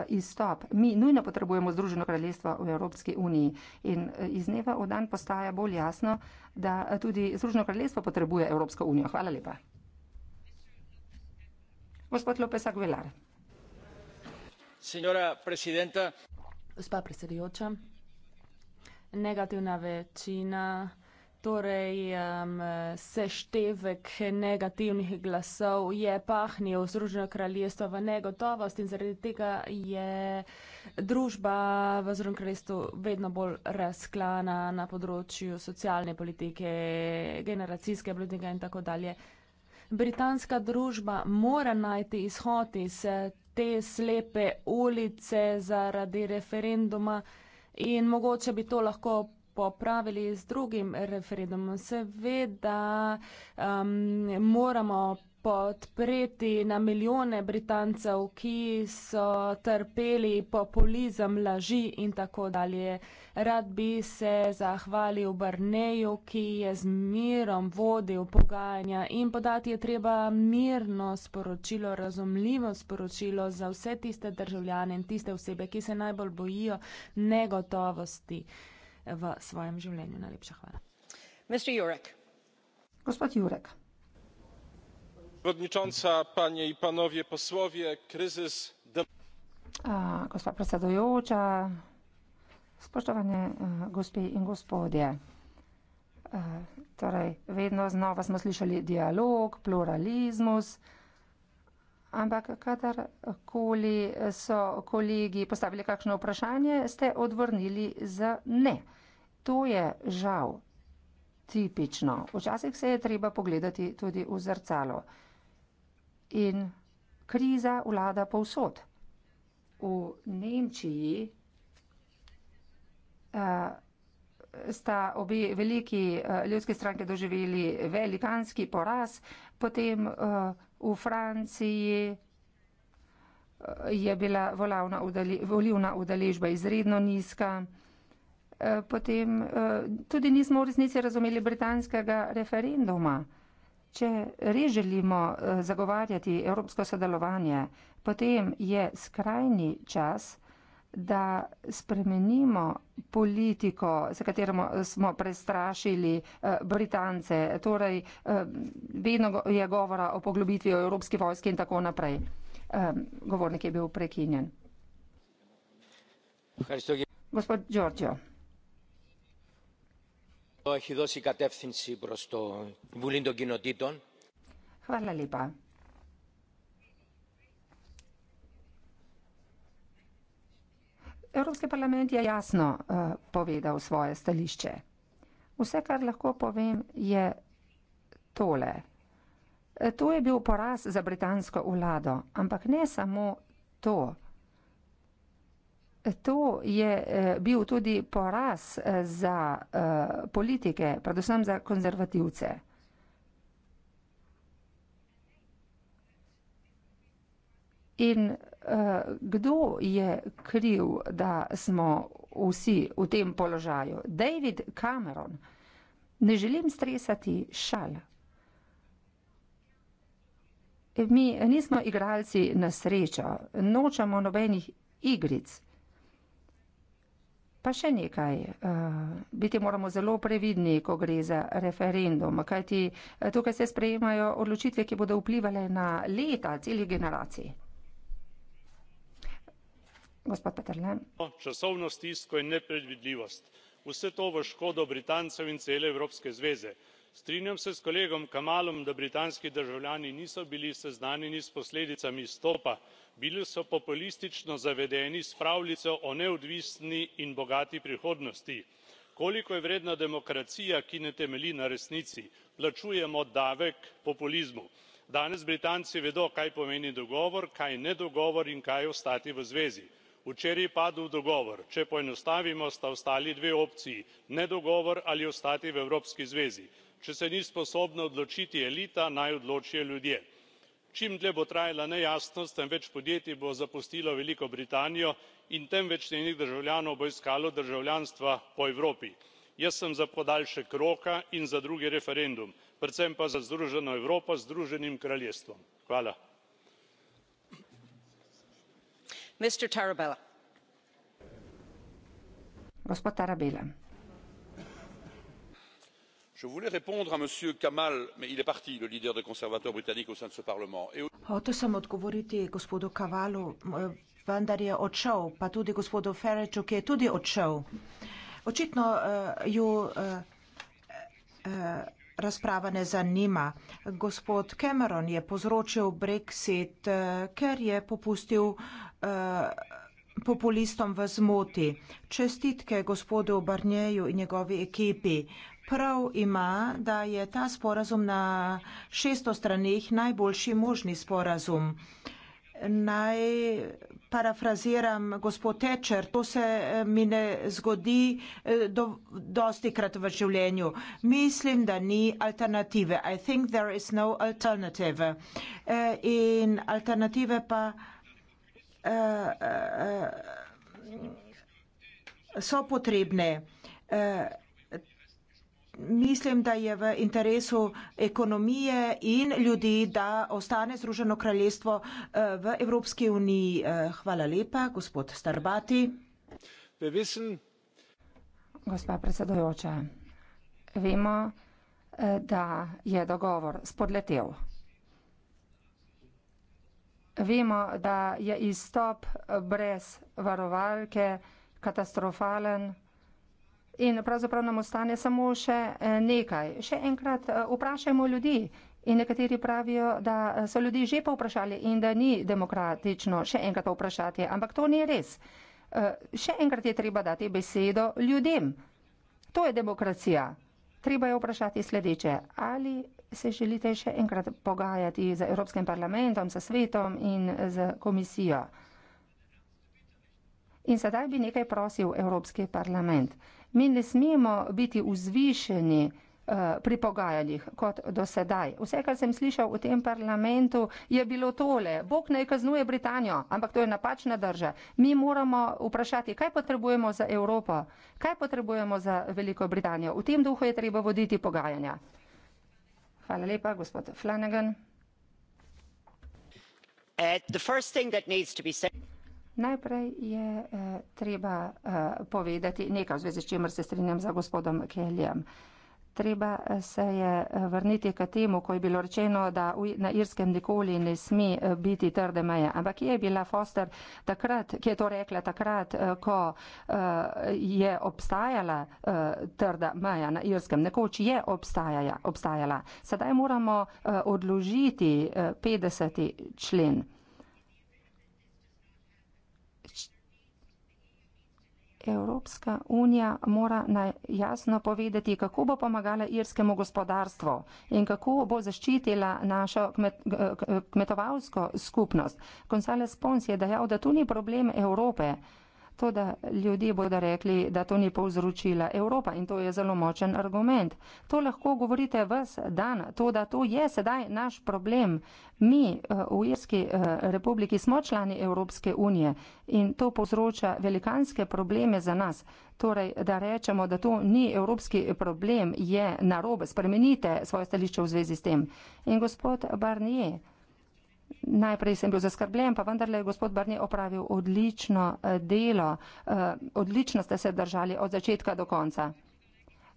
izstop. Mi nujno potrebujemo Združeno kraljestvo v Evropski uniji in iz dneva v dan postaja bolj jasno, da tudi Združeno kraljestvo potrebuje Evropsko unijo. Hvala lepa. Gospod Lopes Aguilar. Signora presidenta. Gospa predsedujoča, negativna večina. Torej, um, seštevek negativnih glasov je pahnil Združeno kraljestvo v negotovost in zaradi tega je družba v Združenem kraljestvu vedno bolj razklana na področju socialne politike, generacijske politike in tako dalje. Britanska družba mora najti izhod iz te slepe ulice zaradi referenduma in mogoče bi to lahko popravili z drugim referendumom. Seveda um, moramo podpreti na milijone Britancev, ki so trpeli populizem, laži in tako dalje. Rad bi se zahvalil Brneju, ki je z mirom vodil pogajanja in podati je treba mirno sporočilo, razumljivo sporočilo za vse tiste državljane in tiste osebe, ki se najbolj bojijo negotovosti. Uh, v svojem življenju. Najlepša hvala. Gospod Jurek. Predsednica, panje in panovje poslovje, krizis. Gospa predsedujoča, spoštovane e, gospe in gospodje. E, torej, vedno znova smo slišali dialog, pluralizmus, ampak kadarkoli so kolegi postavili kakšno vprašanje, ste odvrnili z ne. To je žal tipično. Včasih se je treba pogledati tudi v zrcalo. In kriza vlada povsod. V Nemčiji uh, sta obe veliki uh, eh, ljudske stranke doživeli velikanski poraz, potem uh, v Franciji uh, je bila volavna udali, volivna udeležba izredno nizka. Eh, potem eh, tudi nismo v resnici razumeli britanskega referenduma. Če res želimo eh, zagovarjati evropsko sodelovanje, potem je skrajni čas, da spremenimo politiko, za katero smo prestrašili Britance. Torej, vedno je govora o poglobitvi o evropski vojski in tako naprej. Govornik je bil prekinjen. Gospod Giorgio. Hvala lepa. Evropski parlament je jasno uh, povedal svoje stališče. Vse, kar lahko povem, je tole. Eh, to je bil poraz za britansko vlado, ampak ne samo to. To je eh, bil tudi poraz eh, za eh, politike, predvsem za konzervativce. In kdo je kriv, da smo vsi v tem položaju? David Cameron. Ne želim stresati šal. Mi nismo igralci na srečo, nočemo nobenih igric. Pa še nekaj. Eh, biti moramo zelo previdni, ko gre za referendum, kajti eh, tukaj se sprejemajo odločitve, ki bodo vplivali na leta celih generacij. Gospod Petrle. No, časovno stisko in nepredvidljivost. Vse to v škodo Britancev in cele Evropske zveze strinjam se s kolegom kamalom da britanski državljani niso bili seznanjeni s posledicami izstopa bili so populistično zavedeni s pravljico o neodvisni in bogati prihodnosti. koliko je vredna demokracija ki ne temelji na resnici? plačujemo davek populizmu. danes britanci vedo kaj pomeni dogovor kaj nedogovor in kaj je ostati v zvezi. včeraj je padel dogovor. če poenostavimo sta ostali dve opciji nedogovor ali ostati v evropski zvezi če se ni sposobna odločiti elita naj odločijo ljudje. čim dlje bo trajala nejasnost tem več podjetij bo zapustilo veliko britanijo in tem več njenih državljanov bo iskalo državljanstva po evropi. jaz sem za podaljšek roka in za drugi referendum predvsem pa za združeno evropo z združenim kraljestvom je voulais répondre à m. kamall mais il est parti le leader des conservateurs britanniques au sein de ce parlement. Hotel sem odgovoriti gospodu Kavalu, eh, vendar je odšel, pa tudi gospodu Ferreču, ki je tudi odšel. Očitno uh, ju uh, razprava ne zanima. Gospod Cameron je povzročil Brexit, uh, ker je popustil uh, populistom v zmoti. Čestitke gospodu Barnjeju in njegovi ekipi. Uh, Prav ima, da je ta sporazum na šesto straneh najboljši možni sporazum. Naj parafraziram gospod Tečer, to se eh, mi ne zgodi eh, do, dosti krat v življenju. Mislim, da ni alternative. I think there is no alternative. Eh, in alternative pa so potrebne mislim, da je v interesu ekonomije in ljudi, da ostane Združeno kraljestvo eh, v Evropski uniji. Eh, hvala lepa, gospod Starbati. Gospa predsedojoča, vemo, eh, da je dogovor spodletel. Vemo, da je izstop brez varovalke katastrofalen. In pravzaprav nam ostane samo še eh, nekaj. Še enkrat eh, vprašajmo ljudi. In nekateri pravijo, da eh, so ljudi že povprašali in da ni demokratično še enkrat vprašati. Ampak to ni res. Še enkrat je treba dati besedo ljudem. To je demokracija. Treba je vprašati sledeče. Ali se želite še enkrat pogajati z Evropskim parlamentom, s svetom in z komisijo? In sedaj bi nekaj prosil Evropski parlament. Mi ne smemo biti vzvišeni eh, pri pogajanjih kot do sedaj. Vse, kar sem slišal v tem parlamentu, je bilo tole. Bog naj kaznuje Britanijo, ampak to je napačna drža. Mi moramo vprašati, kaj potrebujemo za Evropo, kaj potrebujemo za Veliko Britanijo. V tem duhu je treba voditi pogajanja. Hvala lepa, gospod Flanagan. Uh, Najprej je eh, treba eh, povedati nekaj v zvezi s čimer se strinjam za gospodom Keljem. Treba eh, se je eh, vrniti k temu, ko je bilo rečeno, da na Irskem nikoli ne sme eh, biti trde meje. Ampak kje je bila Foster takrat, kje je to rekla takrat, ko je obstajala trda meja na Irskem? Nekoč je obstajala. Sedaj moramo odložiti 50. člen. Evropska unija mora jasno povedati, kako bo pomagala irskemu gospodarstvu in kako bo zaščitila našo kmet, kmetovalsko skupnost. Gonzales Pons je dejal, da to ni problem Evrope to, da ljudje bodo rekli, da to ni povzročila Evropa in to je zelo močen argument. To lahko govorite vas dan, to, da to je sedaj naš problem. Mi eh, v Irski eh, republiki smo člani Evropske unije in to povzroča velikanske probleme za nas. Torej, da rečemo, da to ni evropski problem, je narobe. Spremenite svoje stališče v zvezi s tem. In gospod Barnier. Najprej sem bil zaskrbljen, pa vendarle je gospod Barni opravil odlično eh, delo. Eh, odlično ste se držali od začetka do konca.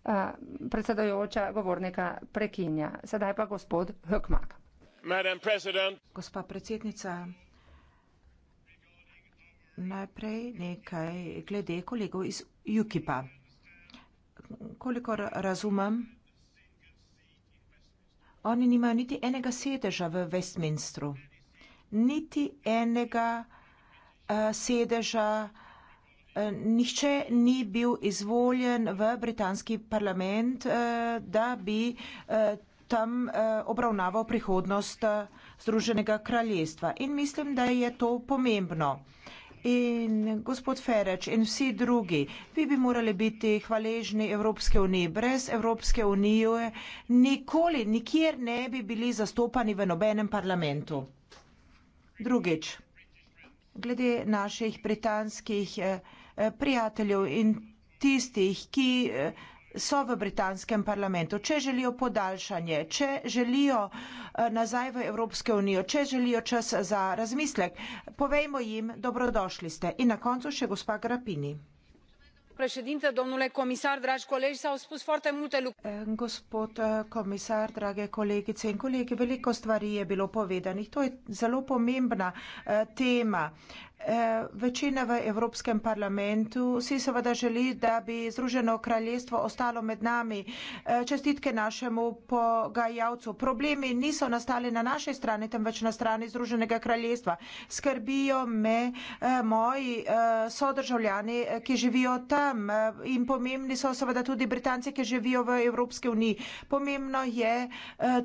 Eh, Predsedojoča govornika prekinja. Sedaj pa gospod Hökmak. Gospa predsednica, najprej nekaj glede kolegov iz UKIP-a. Kolikor razumem, Oni nimajo niti enega sedeža v Westminstru, niti enega uh, sedeža. Eh, nihče ni bil izvoljen v britanski parlament, eh, da bi tam obravnaval prihodnost Združenega kraljestva. In mislim, da je to pomembno in gospod Fereč in vsi drugi, vi bi morali biti hvaležni Evropske unije. Brez Evropske unije nikoli, nikjer ne bi bili zastopani v nobenem parlamentu. Drugič, glede naših britanskih eh, eh, prijateljev in tistih, ki eh, so v britanskem parlamentu, če želijo podaljšanje, če želijo eh, nazaj v Evropsko unijo, če želijo čas za razmislek, povejmo jim, dobrodošli ste. In na koncu še gospa Grapini. Președinte, domnule comisar, dragi colegi, s-au spus foarte multe lucruri. Eh, gospod eh, comisar, drage colegice in colegi, veliko stvari je bilo povedanih. To je zelo pomembna tema. Eh, večina v Evropskem parlamentu si seveda želi, da bi Združeno kraljestvo ostalo med nami. Eh, čestitke našemu pogajalcu. Problemi niso nastali na naši strani, temveč na strani Združenega kraljestva. Skrbijo me eh, moji sodržavljani, ki živijo tam in pomembni so seveda tudi Britanci, ki živijo v Evropski uniji. Pomembno je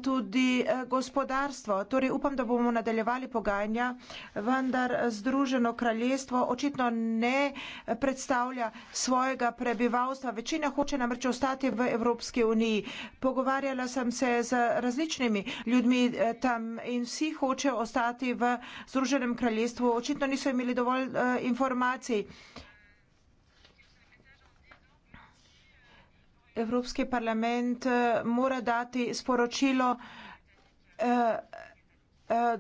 tudi gospodarstvo. Torej upam, da bomo nadaljevali pogajanja, vendar Združeno Združeno kraljestvo očitno ne predstavlja svojega prebivalstva. Večina hoče namreč ostati v Evropski uniji. Pogovarjala sem se z različnimi ljudmi eh, tam in vsi hoče ostati v Združenem kraljestvu. Očitno niso imeli dovolj eh, informacij. Evropski parlament eh, mora dati sporočilo Eh,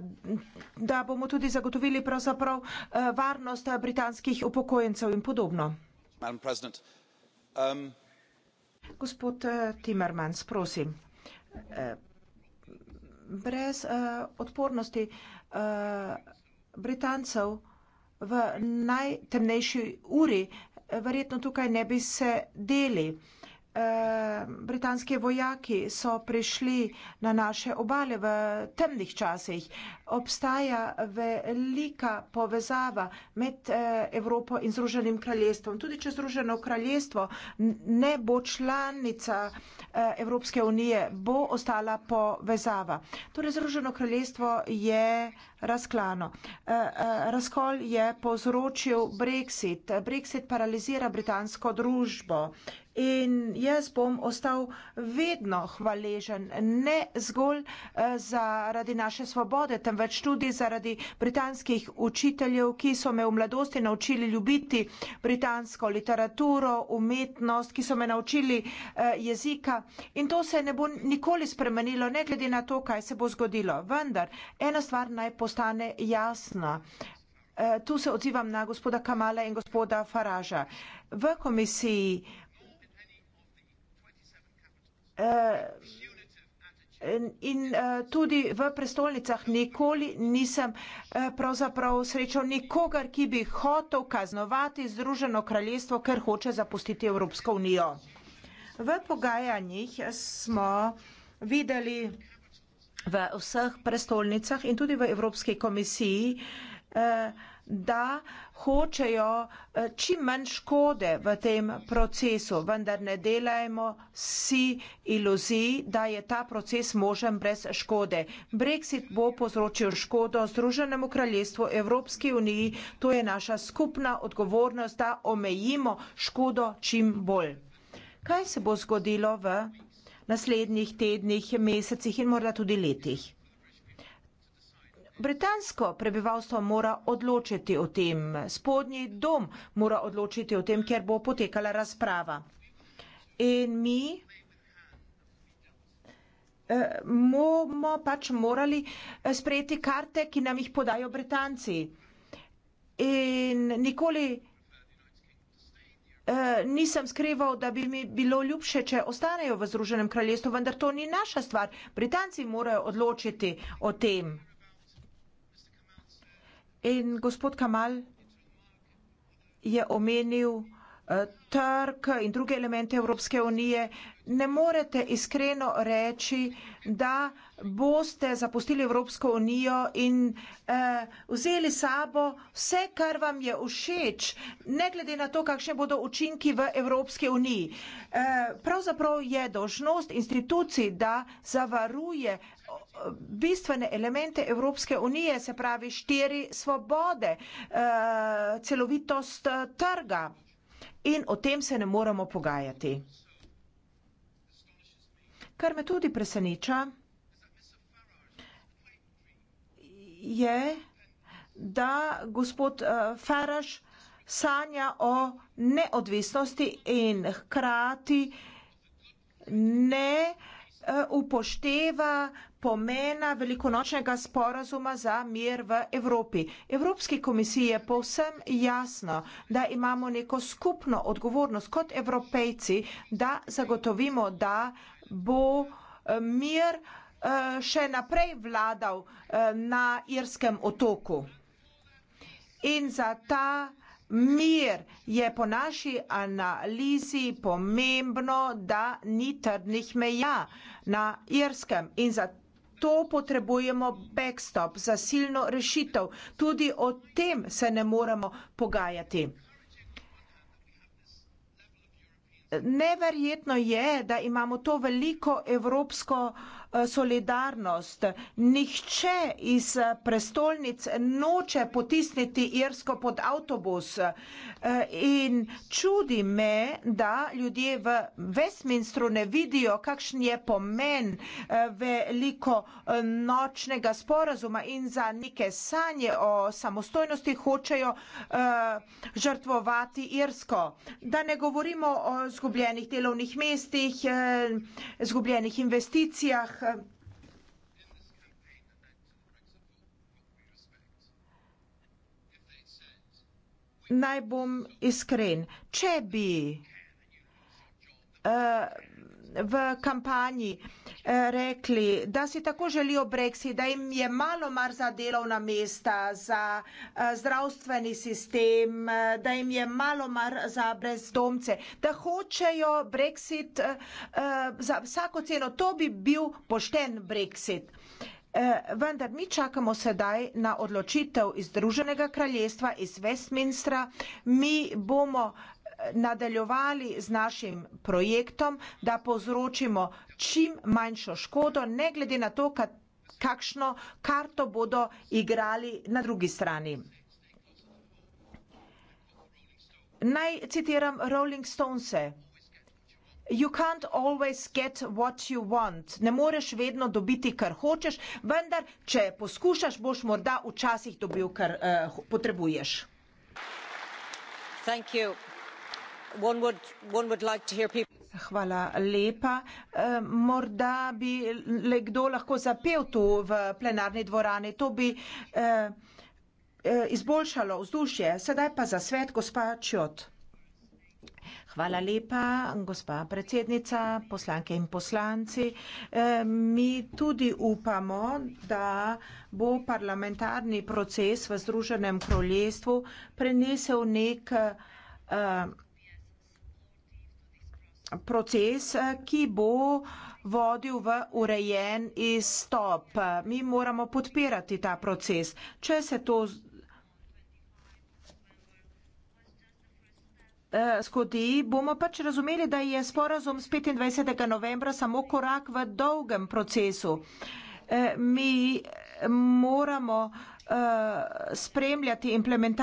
da bomo tudi zagotovili pravzaprav eh, varnost eh, britanskih upokojencev in podobno. Um... Gospod Timmermans, prosim. Brez uh, odpornosti uh, Britancev v najtemnejši uri, verjetno tukaj ne bi se delili. Eh, britanski vojaki so prišli na naše obale v temnih časih. Obstaja velika povezava med eh, Evropo in Združenim kraljestvom. Tudi če Združeno kraljestvo ne bo članica eh, Evropske unije, bo ostala povezava. Torej, Združeno kraljestvo je razklano. Eh, eh, razkol je povzročil Brexit. Brexit paralizira britansko družbo. In jaz bom ostal vedno hvaležen, ne zgolj eh, zaradi naše svobode, temveč tudi zaradi britanskih učiteljev, ki so me v mladosti naučili ljubiti britansko literaturo, umetnost, ki so me naučili jezika. In to se ne bo nikoli spremenilo, ne glede na to, kaj se bo zgodilo. Vendar, ena stvar naj postavim postane jasna. E, tu se odzivam na gospoda Kamala in gospoda Faraža. V komisiji e, in e, tudi v prestolnicah nikoli nisem pravzaprav srečal nikogar, ki bi hotel kaznovati Združeno kraljestvo, ker hoče zapustiti Evropsko unijo. V pogajanjih smo videli v vseh prestolnicah in tudi v Evropski komisiji, eh, da hočejo eh, čim manj škode v tem procesu, vendar ne delajmo si iluziji, da je ta proces možen brez škode. Brexit bo povzročil škodo Združenemu kraljestvu Evropski uniji, to je naša skupna odgovornost, da omejimo škodo čim bolj. Kaj se bo zgodilo v naslednjih tednih, mesecih in morda tudi letih. Britansko prebivalstvo mora odločiti o tem, spodnji dom mora odločiti o tem, ker bo potekala razprava. In mi eh, bomo eh, pač morali eh, sprejeti karte, ki nam jih podajo Britanci. In nikoli Eh, nisem skrival, da bi mi bilo ljubše, če ostanejo v Združenem kraljestvu, vendar to ni naša stvar. Britanci morajo odločiti o tem. In gospod Kamal je omenil, Eh, trg in druge elemente Evropske unije, ne morete iskreno reči, da boste zapustili Evropsko unijo in uh, vzeli sabo vse, kar vam je všeč, ne glede na to, kakšne bodo učinki v Evropski uniji. Uh, pravzaprav je dožnost institucij, da zavaruje bistvene elemente Evropske unije, se pravi štiri svobode, uh, celovitost trga in o tem se ne moremo pogajati. Kar me tudi preseneča, je, da gospod eh, Faraš sanja o neodvisnosti in hkrati ne eh, upošteva pomena velikonočnega sporazuma za mir v Evropi. Evropski komisiji je povsem jasno, da imamo neko skupno odgovornost kot evropejci, da zagotovimo, da bo eh, mir eh, še naprej vladal eh, na irskem otoku. In za ta mir je po naši analizi pomembno, da ni trdnih meja na irskem. In za zato potrebujemo backstop za silno rešitev. Tudi o tem se ne moremo pogajati. Neverjetno je, da imamo to veliko evropsko uh, solidarnost. Nihče iz prestolnic noče potisniti Irsko pod avtobus. E, in čudi me, da ljudje v Westminstru ne vidijo, kakšen je pomen e, veliko e, nočnega sporazuma in za neke sanje o samostojnosti hočejo žrtvovati Irsko. Da ne govorimo o zgubljenih delovnih mestih, zgubljenih investicijah, Eh, naj bom iskren. Če bi, eh, v kampanji eh, rekli, da si tako želijo brexit, da jim je malo mar za delovna mesta, za eh, zdravstveni sistem, eh, da jim je malo mar za brezdomce, da hočejo brexit za vsako ceno. To bi bil pošten brexit. Vendar mi čakamo sedaj na odločitev iz Združenega kraljestva, iz Westminstra. Mi bomo uh, nadaljevali z našim projektom, da povzročimo čim manjšo škodo, ne glede na to, kakšno karto bodo igrali na drugi strani. Naj citiram Rolling Stones. -e. You can't always get what you want. Ne moreš vedno dobiti, kar hočeš, vendar, če poskušaš, boš morda včasih dobil, kar uh, potrebuješ. Thank you. Hvala lepa. Eh, morda bi le kdo lahko zapel tu v plenarni dvorani. To bi eh, eh, izboljšalo vzdušje. Sedaj pa za svet, gospa Čot. Hvala lepa, gospa predsednica, poslanke in poslanci. Mi tudi upamo, da bo parlamentarni proces v Združenem kroljestvu prenesel nek proces, ki bo vodil v urejen izstop. Mi moramo podpirati ta proces. Če se to skodi, eh, bomo pač razumeli, da je sporazum z 25. novembra samo korak v dolgem procesu. Eh, mi moramo eh, spremljati implementacijo